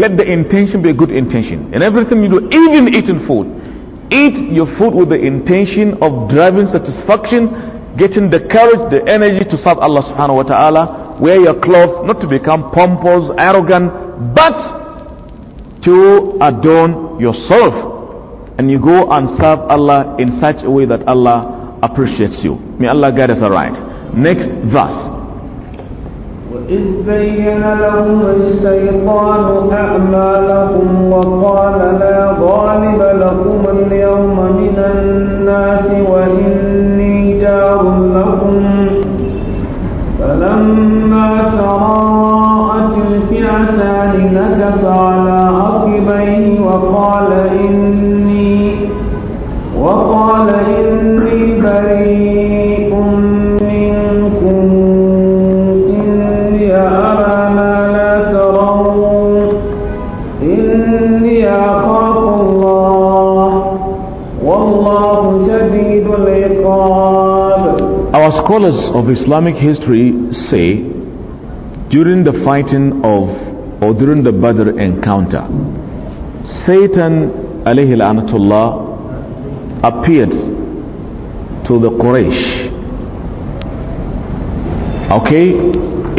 let the intention be a good intention. And everything you do, even eating food, Eat your food with the intention of driving satisfaction, getting the courage, the energy to serve Allah subhanahu wa ta'ala. Wear your clothes not to become pompous, arrogant, but to adorn yourself. And you go and serve Allah in such a way that Allah appreciates you. May Allah guide us aright. Next verse. وإذ بين لهم الشيطان أعمالهم وقال scholars of Islamic history say during the fighting of or during the Badr encounter, Satan alayhi lanatullah appeared to the Quraysh. Okay,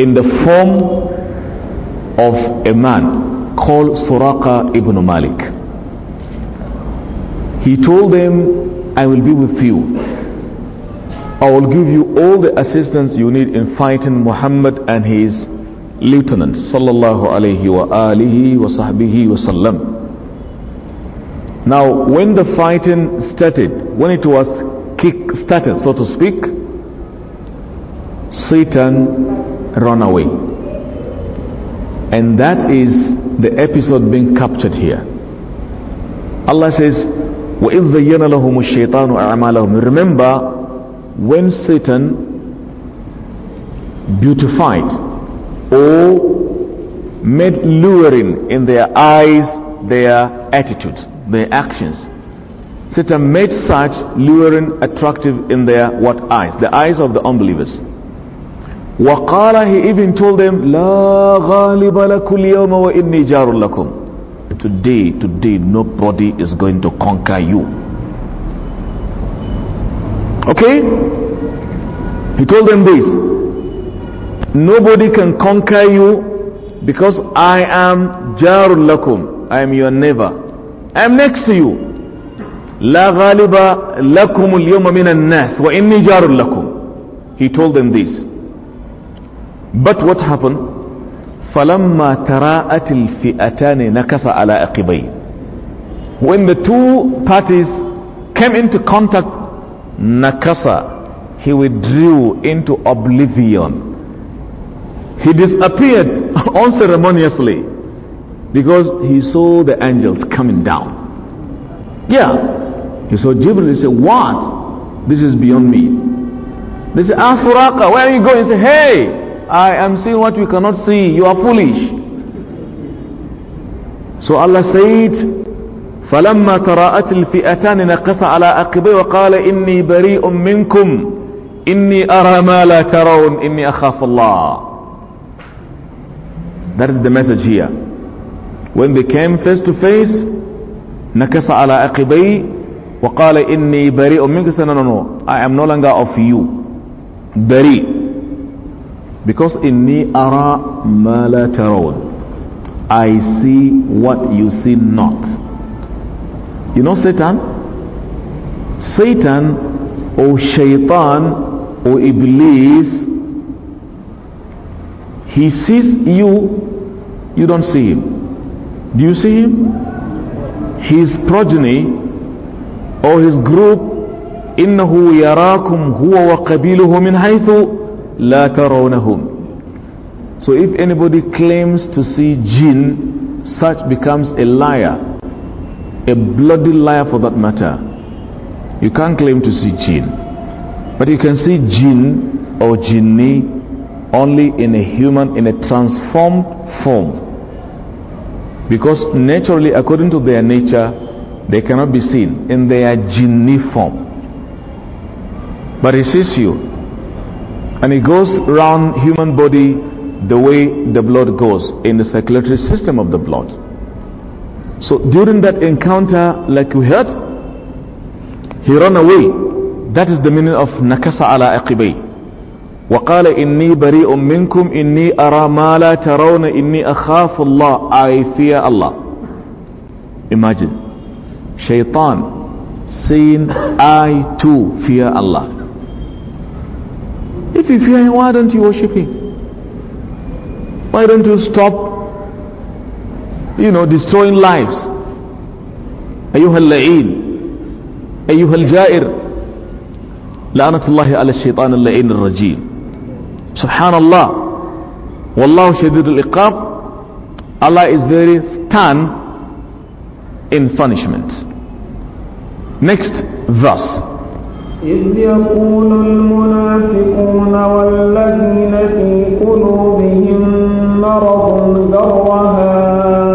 in the form of a man called Suraqa ibn Malik. He told them, I will be with you I will give you all the assistance you need in fighting Muhammad and his lieutenant sallallahu alayhi wa alihi wa sahbihi wa sallam. Now when the fighting started, when it was kick started so to speak, Satan ran away. And that is the episode being captured here. Allah says, وَإِذْ زَيَّنَ لَهُمُ الشَّيْطَانُ أَعْمَالَهُمْ Remember when Satan beautified or made luring in their eyes their attitudes, their actions. Satan made such luring attractive in their what eyes? The eyes of the unbelievers. وقال he even told them لا غالب لكم اليوم وإني جار لكم today today nobody is going to conquer you Okay? He told them this Nobody can conquer you because I am Jarulakum. Lakum. I am your neighbor. I am next to you. لا غالب لكم اليوم من الناس وإني جار لكم. He told them this. But what happened? فلما تراءت الفئتان نكص على عقبيه. When the two parties came into contact Nakasa, he withdrew into oblivion. He disappeared unceremoniously because he saw the angels coming down. Yeah, he saw Jibril. He said, What? This is beyond me. They say, Ah, Suraka, where are you going? He said, Hey, I am seeing what you cannot see. You are foolish. So Allah said, فلما تراءت الفئتان نقص على عقبيه وقال إني بريء منكم إني أرى ما لا ترون إني أخاف الله That is the message here. When they came face to face, نكس على عقبي وقال إني بريء منك no no no I am no longer of you بريء because إني أرى ما لا ترون I see what you see not You know Satan? Satan or Shaitan or Iblis, he sees you, you don't see him. Do you see him? His progeny or his group إنه يراكم هو وقبيله من حيث لا ترونهم So if anybody claims to see jinn, such becomes a liar a bloody liar for that matter. You can't claim to see jinn. But you can see jinn or jinni only in a human, in a transformed form. Because naturally, according to their nature, they cannot be seen in their jinni form. But he sees you. And he goes round human body the way the blood goes in the circulatory system of the blood. So during that encounter, like we heard, he ran away. That is the meaning of nakasa ala aqibay. وقال إني بريء منكم إني أرى ما لا ترون إني أخاف الله I fear Allah Imagine Shaitan saying I too fear Allah If you fear him why don't you worship him Why don't you stop you know, destroying lives. أيها اللعين أيها الجائر لعنة الله على الشيطان اللعين الرجيم سبحان الله والله شديد العقاب Allah is very stern in punishment. Next verse. إذ يقول المنافقون والذين في قلوبهم مرض غر هؤلاء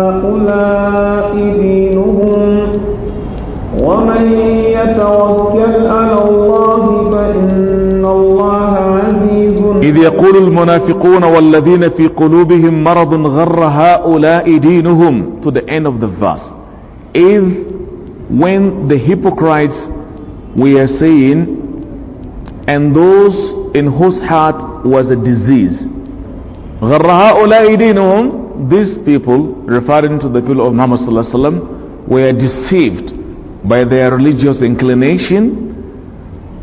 إذ يقول المنافقون والذين في قلوبهم مرض غر هؤلاء دينهم to the end of the verse if when the hypocrites we are saying and those in whose heart was a disease غر هؤلاء دينهم these people referring to the people of Muhammad صلى الله عليه وسلم were deceived by their religious inclination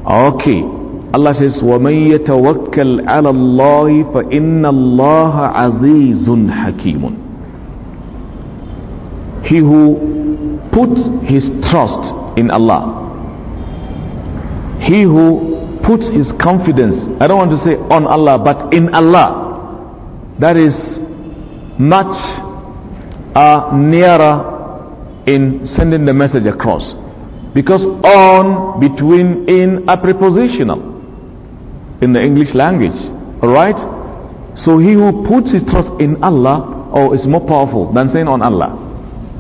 okay Allah says, وَمَن يَتَوَكَّلْ عَلَى اللَّهِ فَإِنَّ اللَّهَ عَزِيزٌ حَكِيمٌ He who puts his trust in Allah, he who puts his confidence, I don't want to say on Allah, but in Allah, that is much uh, nearer in sending the message across. Because on, between, in are prepositional in the English language. Alright? So he who puts his trust in Allah oh, is more powerful than saying on Allah.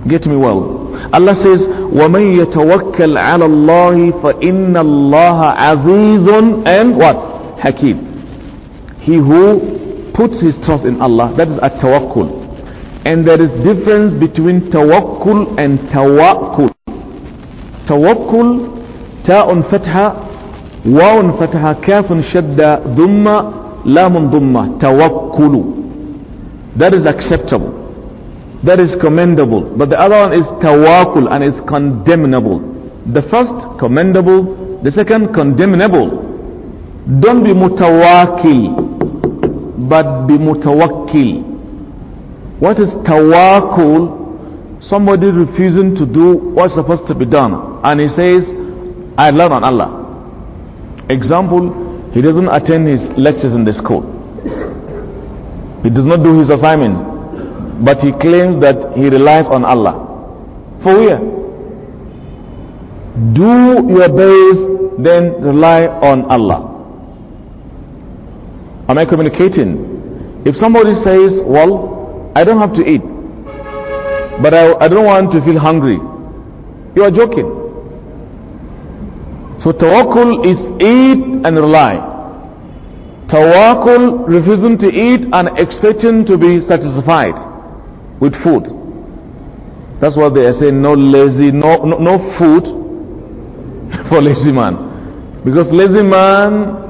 Get me well. Allah says, وَمَن يَتَوَكَّلْ عَلَى اللَّهِ فَإِنَّ اللَّهَ عَزِيزٌ And what? Hakim. He who puts his trust in Allah, that is a tawakkul. And there is difference between tawakkul and tawakkul. Tawakkul, ta'un fatha, واو فتحة كاف شدة ضمة لام ضمة توكل that is acceptable that is commendable but the other one is tawakul and it's condemnable the first commendable the second condemnable don't be mutawakil but be mutawakkil what is tawakul somebody refusing to do what's supposed to be done and he says i love on allah Example, he doesn't attend his lectures in the school. He does not do his assignments. But he claims that he relies on Allah. For where? Do your best, then rely on Allah. Am I communicating? If somebody says, Well, I don't have to eat, but I, I don't want to feel hungry, you are joking. So tawakkul is eat and rely. Tawakkul, refusing to eat and expecting to be satisfied with food. That's what they are saying, no lazy, no, no, no food for lazy man. Because lazy man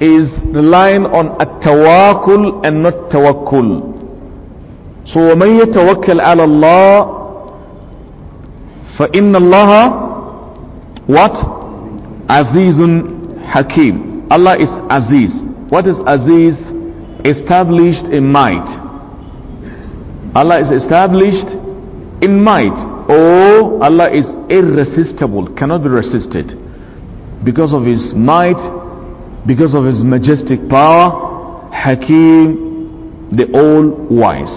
is relying on a tawakkul and not tawakkul. So ومن يتوكل على الله فإن الله what? Azizun Hakim. Allah is Aziz. What is Aziz? Established in might. Allah is established in might. oh, Allah is irresistible, cannot be resisted. Because of His might, because of His majestic power, Hakim, the all wise.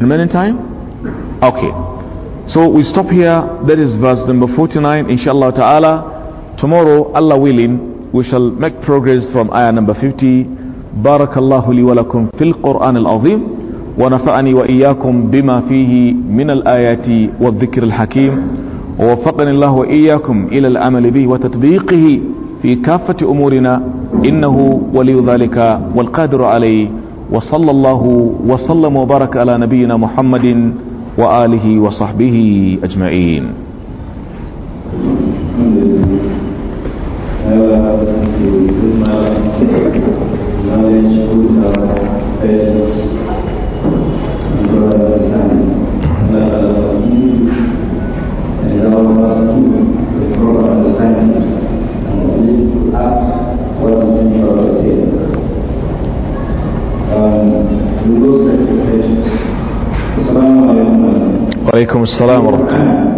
Remaining time? Okay. So we stop here. That is verse number 49. Inshallah ta'ala. Tomorrow, Allah willing, we shall make progress from ayah number 50. Barakallahu li walakum fil Qur'an al-azim. ونفعني وإياكم بما فيه من الآيات والذكر الحكيم ووفقني الله وإياكم إلى العمل به وتطبيقه في كافة أمورنا إنه ولي ذلك والقادر عليه وصلى الله وسلم وبارك على نبينا محمد وآله وصحبه أجمعين Thank you. السلام ورحمة الله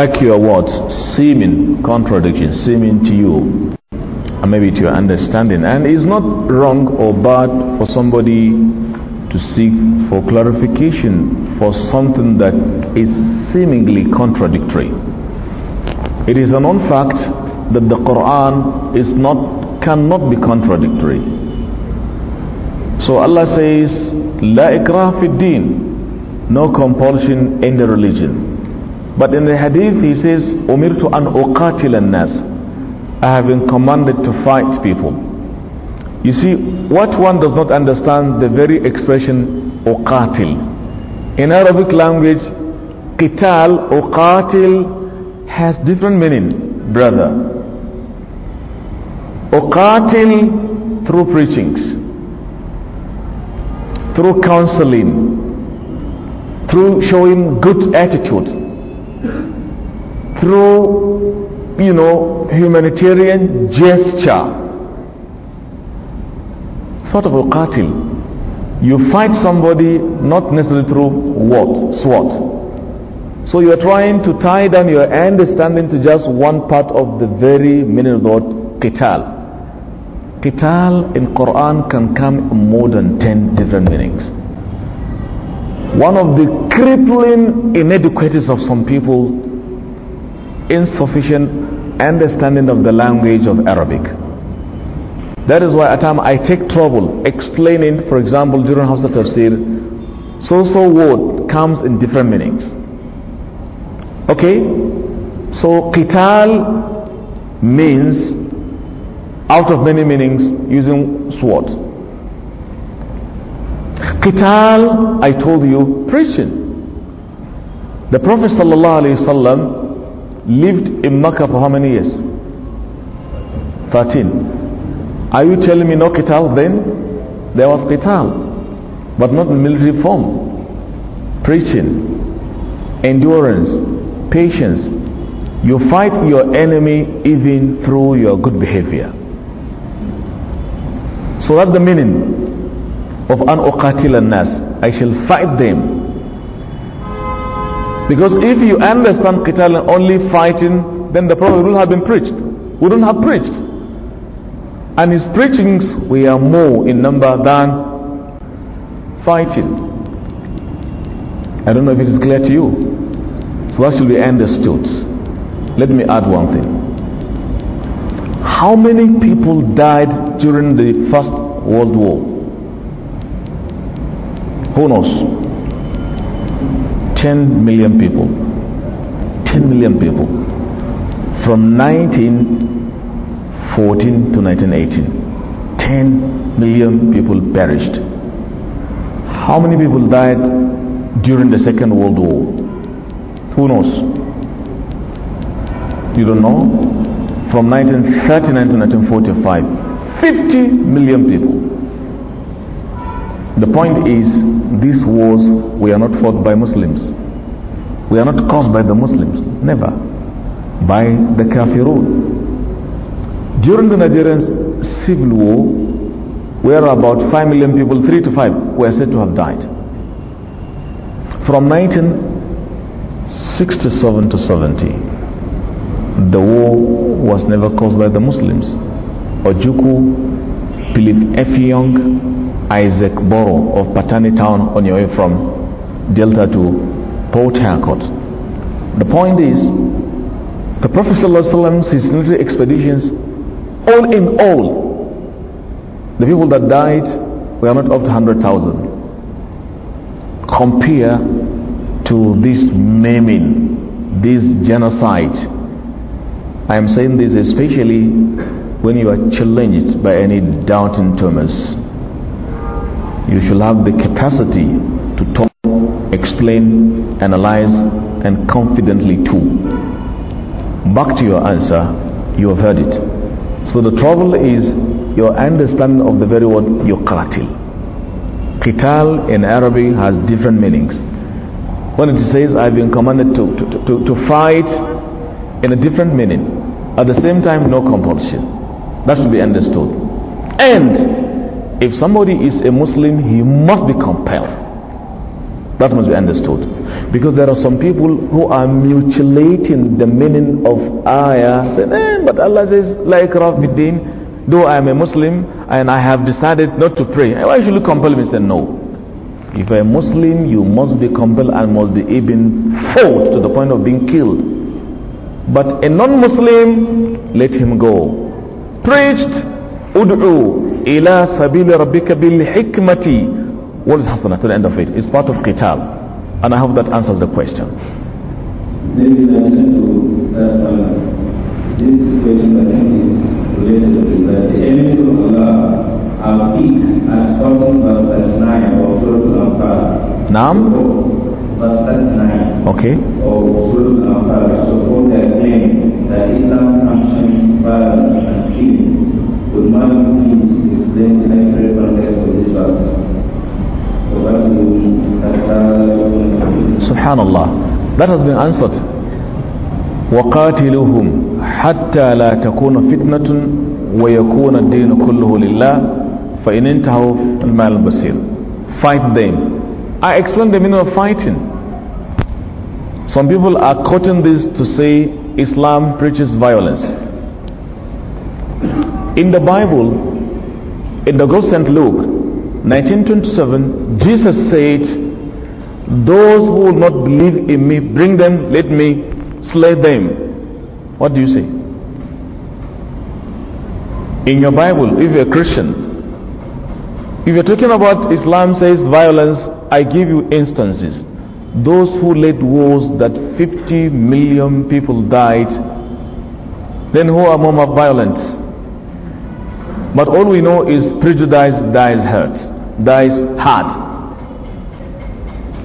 like your words seeming contradiction, seeming to you, and maybe to your understanding. And it's not wrong or bad for somebody to seek for clarification for something that is seemingly contradictory. It is a known fact that the Quran is not cannot be contradictory. So Allah says, La ikrah fi din, no compulsion in the religion. But in the hadith he says, Umirtu an uqatil nas. I have been commanded to fight people. You see, what one does not understand the very expression uqatil. In Arabic language, qital, uqatil has different meaning, brother. Uqatil through preachings, through counseling, through showing good attitude through, you know, humanitarian gesture. Sort of a qatil. You fight somebody not necessarily through what? Swat. So you are trying to tie down your understanding to just one part of the very meaning of the word qital. Qital in Quran can come in more than 10 different meanings. One of the crippling inadequacies of some people insufficient understanding of the language of Arabic. That is why at times I take trouble explaining, for example, during Hausa Tafsir, so-so word comes in different meanings. Okay? So, qital means out of many meanings using sword. Qital, I told you, preaching. The Prophet ﷺ lived in Mecca for how many years? 13. Are you telling me no qital then? There was qital, but not in military form. Preaching, endurance, patience. You fight your enemy even through your good behavior. So that's the meaning of an uqatil nas. I shall fight them because if you understand qital and only fighting, then the Prophet would have been preached. Wouldn't have preached. And his preachings were more in number than fighting. I don't know if it is clear to you. So what should be understood? Let me add one thing. How many people died during the First World War? Who knows? 10 million people. 10 million people. From 1914 to 1918. 10 million people perished. How many people died during the Second World War? Who knows? You don't know? From 1939 to 1945, 50 million people. The point is, these wars were not fought by Muslims. We are not caused by the Muslims. Never. By the Kafirun. During the Nigerian civil war, where about 5 million people, 3 to 5, were said to have died. From 1967 to 70, the war was never caused by the Muslims. Ojuku, Philip Effiong, Isaac Borough of Patani Town on your way from Delta to Port Harcourt. The point is, the Prophet ﷺ, his military expeditions, all in all, the people that died were not up to 100,000. Compare to this maiming, this genocide. I am saying this especially when you are challenged by any doubting Thomas you should have the capacity to talk, explain, analyze, and confidently too. Back to your answer, you have heard it. So the trouble is your understanding of the very word yuqatil. Qital in Arabic has different meanings. When it says I've been commanded to, to, to, to fight in a different meaning, at the same time, no compulsion. That should be understood. And if somebody is a Muslim, he must be compelled. That must be understood. Because there are some people who are mutilating the meaning of ayah. Saying, eh, but Allah says, like Rafidin, though I am a Muslim and I have decided not to pray, why should you compel me? Say, no. If you're a Muslim, you must be compelled and must be even fought to the point of being killed. But a non Muslim, let him go. Preached, ud'u, إِلَى سَبِيلِ رَبِّكَ بِالْحِكْمَةِ what is hasana to the end of it it's part of qital and i hope that answers the question maybe the answer to that uh, this question i think is related to that the enemies of allah are big as thousand verse 39 of surah al Okay. Or Surah al support their claim that Islam functions violence and killing with means the context of Subhanallah. That has been answered. وقاتلهم حتى لا تكون فتنة ويكون الدين كله لله فإن انتهوا المال البصير fight them I explained the meaning of fighting some people are quoting this to say Islam preaches violence in the Bible in the Gospel St. Luke 1927, Jesus said, Those who will not believe in me, bring them, let me slay them. What do you say? In your Bible, if you're a Christian, if you're talking about Islam says violence, I give you instances. Those who led wars that 50 million people died, then who are more violent? But all we know is prejudice dies hurt, dies hard.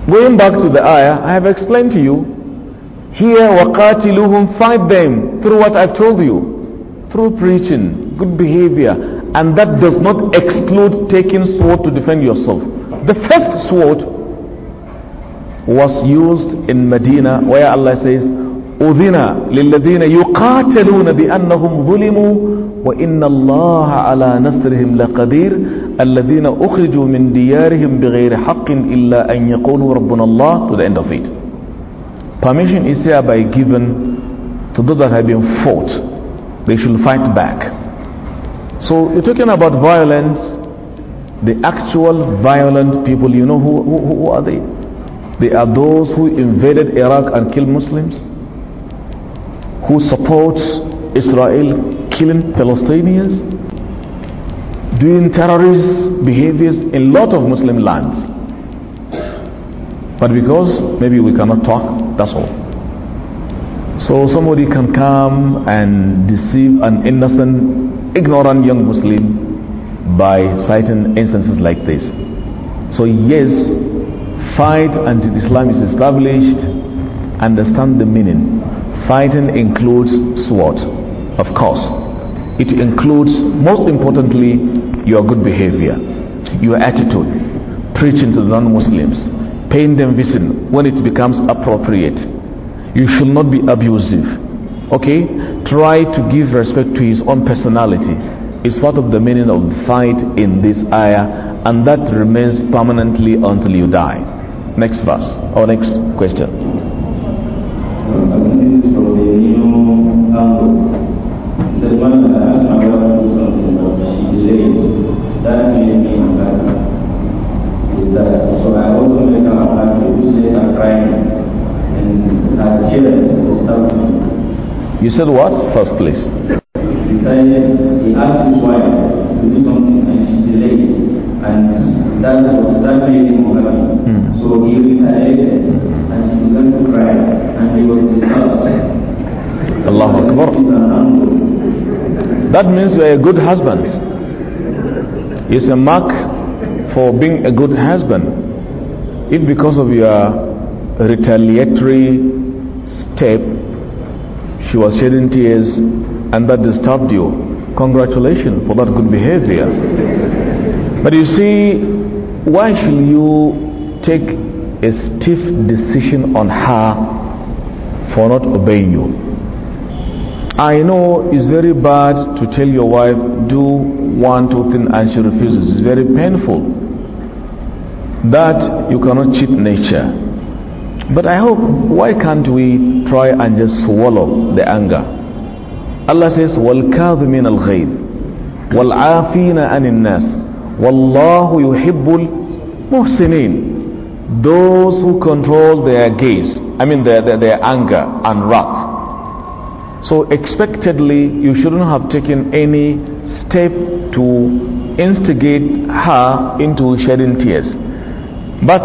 Going back to the ayah, I have explained to you here waqatiluhum fight them through what I've told you, through preaching, good behavior, and that does not exclude taking sword to defend yourself. The first sword was used in Medina where Allah says, أذن للذين bi بأنهم ظلموا وإن الله على نصرهم لقدير الذين أخرجوا من ديارهم بغير حق إلا أن يقولوا ربنا الله to the end of it permission is hereby given to those that have been fought they should fight back so you're talking about violence the actual violent people you know who, who, who are they they are those who invaded Iraq and killed Muslims who support Israel killing Palestinians, doing terrorist behaviors in lot of Muslim lands. But because maybe we cannot talk, that's all. So somebody can come and deceive an innocent, ignorant young Muslim by citing instances like this. So yes, fight until Islam is established. Understand the meaning. Fighting includes sword of course. It includes, most importantly, your good behavior, your attitude, preaching to non Muslims, paying them visit when it becomes appropriate. You should not be abusive. Okay? Try to give respect to his own personality. It's part of the meaning of fight in this ayah, and that remains permanently until you die. Next verse, or next question. You said what? First place. Hmm. He he asked his wife to do something and she delayed And that was that So he and began to cry and he was disturbed. Allah Akbar. That means we are a good husband. It's a mark for being a good husband. If because of your retaliatory step she was shedding tears and that disturbed you. Congratulations for that good behavior. But you see, why should you take a stiff decision on her for not obeying you? I know it's very bad to tell your wife, do one, two things, and she refuses. It's very painful. That you cannot cheat nature. But I hope, why can't we try and just swallow the anger. Allah says, وَالْكَاظِمِينَ الْغَيْظِ وَالْعَافِينَ أَنِ النَّاسِ وَاللَّهُ يُحِبُّ الْمُحْسِنِينَ Those who control their gaze, I mean their, their, their anger and wrath. So expectedly, you shouldn't have taken any step to instigate her into shedding tears. But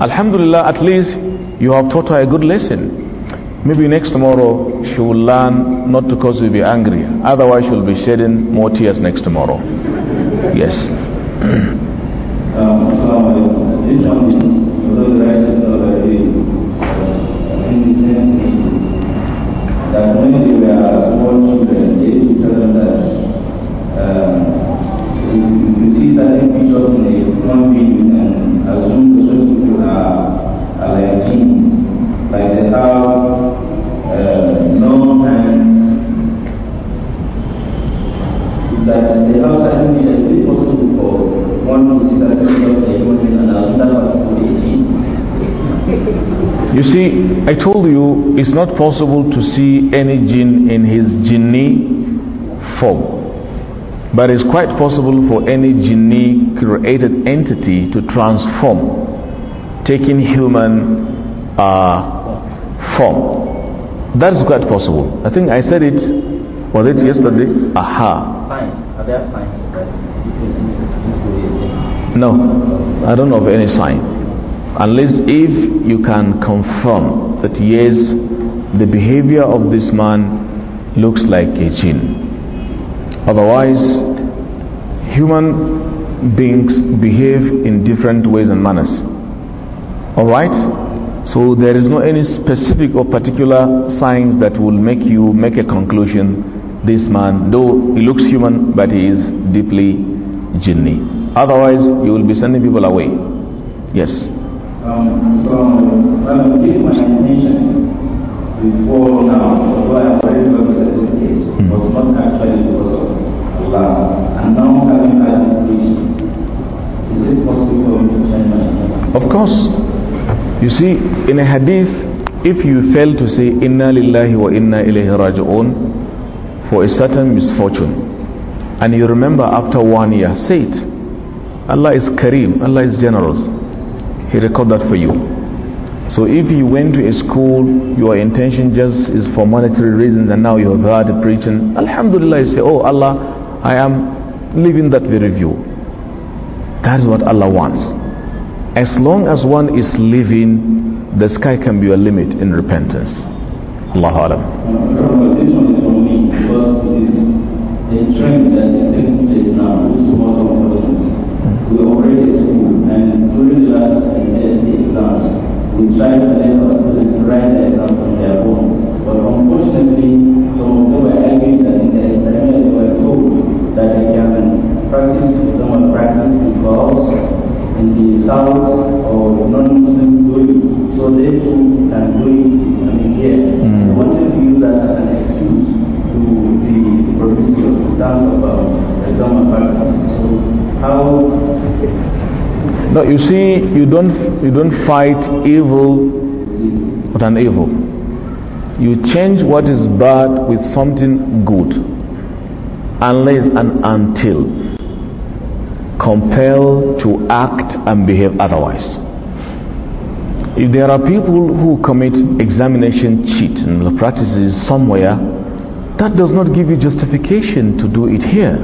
Alhamdulillah, at least you have taught her a good lesson. Maybe next tomorrow she will learn not to cause you to be angry. Otherwise, she will be shedding more tears next tomorrow. yes. Um, told you it's not possible to see any jinn in his jinni form. But it's quite possible for any jinni created entity to transform, taking human uh, form. That is quite possible. I think I said it, was it yesterday? Aha. Fine. Are there No, I don't know of any sign unless if you can confirm that yes the behavior of this man looks like a jinn otherwise human beings behave in different ways and manners all right so there is no any specific or particular signs that will make you make a conclusion this man though he looks human but he is deeply jinni otherwise you will be sending people away yes um, so I will my attention before now, although I already got the certificate, mm. was not actually because of love. And now having had this vision, is it possible for me to change my attention? Of course. You see, in a hadith, if you fail to say inna lillahi wa inna ilayhi raji'un for a certain misfortune and you remember after one year say it Allah is Kareem Allah is generous he record that for you. So if you went to a school, your intention just is for monetary reasons, and now you have heard preaching, Alhamdulillah, you say, Oh Allah, I am living that very view. That is what Allah wants. As long as one is living, the sky can be a limit in repentance. Allah Alam. Try to let our students write the from their own, But unfortunately, some of them were arguing that in the experiment they were told that they can practice they were practice because in the south or non-Muslims do it. So they too can do it I mean, here. Mm. They wanted to use that as an excuse to the promiscuous in terms of uh, exam practice. So how no, you see, you don't you don't fight evil with an evil. You change what is bad with something good, unless and until compelled to act and behave otherwise. If there are people who commit examination cheat and practices somewhere, that does not give you justification to do it here.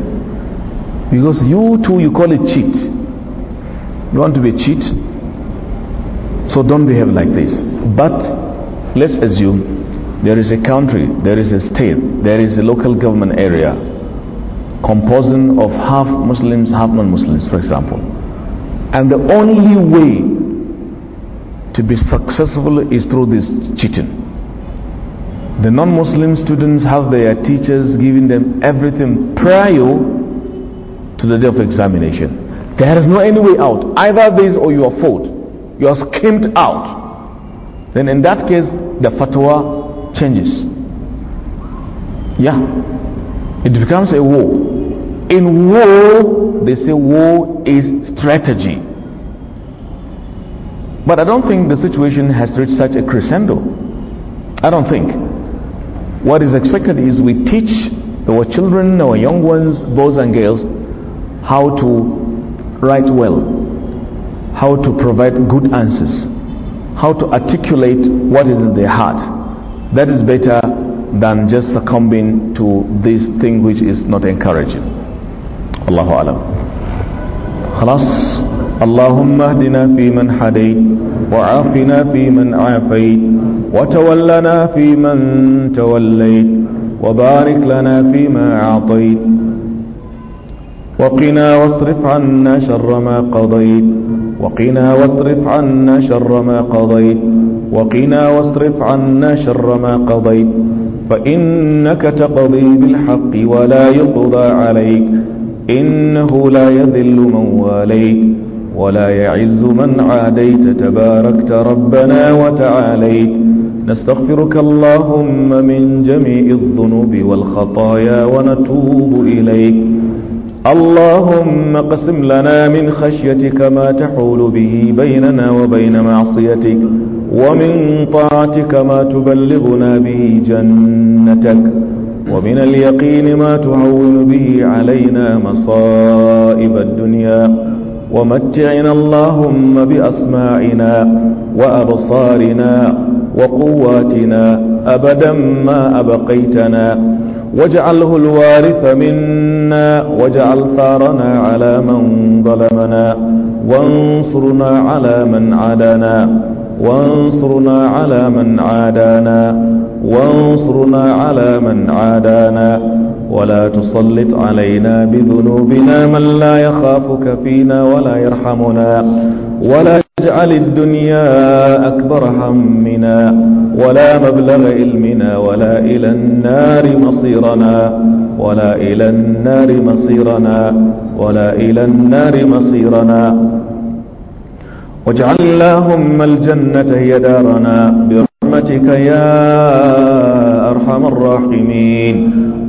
Because you too, you call it cheat you want to be a cheat? So don't behave like this. But let's assume there is a country, there is a state, there is a local government area composing of half Muslims, half non-Muslims, for example. And the only way to be successful is through this cheating. The non-Muslim students have their teachers giving them everything prior to the day of examination there is no any way out. Either this or you fault. You are skimped out. Then in that case, the fatwa changes. Yeah. It becomes a war. In war, they say war is strategy. But I don't think the situation has reached such a crescendo. I don't think. What is expected is we teach our children, our young ones, boys and girls, how to write well, how to provide good answers, how to articulate what is in their heart. That is better than just succumbing to this thing which is not encouraging. Allahu Alam. خلاص اللهم اهدنا فيمن هديت وعافنا فيمن عافيت وتولنا فيمن توليت وبارك لنا فيما أعطيت وقنا واصرف عنا شر ما قضيت وقنا واصرف عنا شر ما قضيت وقنا واصرف عنا شر ما قضيت فإنك تقضي بالحق ولا يقضى عليك إنه لا يذل من واليت ولا يعز من عاديت تباركت ربنا وتعاليت نستغفرك اللهم من جميع الذنوب والخطايا ونتوب إليك اللهم اقسم لنا من خشيتك ما تحول به بيننا وبين معصيتك ومن طاعتك ما تبلغنا به جنتك ومن اليقين ما تعول به علينا مصائب الدنيا ومتعنا اللهم بأسماعنا وأبصارنا وقواتنا أبدا ما أبقيتنا واجعله الوارث منا واجعل ثارنا على من ظلمنا وانصرنا على من عادانا وانصرنا على من عادانا وانصرنا على من عادانا ولا تسلط علينا بذنوبنا من لا يخافك فينا ولا يرحمنا ولا اجعل الدنيا أكبر همنا ولا مبلغ علمنا ولا إلى النار مصيرنا ولا إلى النار مصيرنا ولا إلى النار مصيرنا واجعل اللهم الجنة هي دارنا برحمتك يا أرحم الراحمين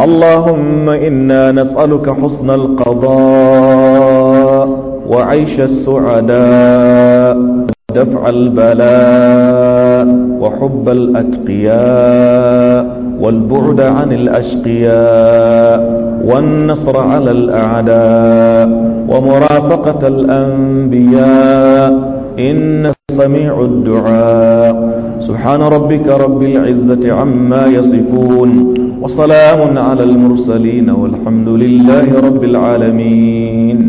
اللهم إنا نسألك حسن القضاء وعيش السعداء ودفع البلاء وحب الأتقياء والبعد عن الأشقياء والنصر على الأعداء ومرافقة الأنبياء إن سميع الدعاء سبحان ربك رب العزة عما يصفون وسلام على المرسلين والحمد لله رب العالمين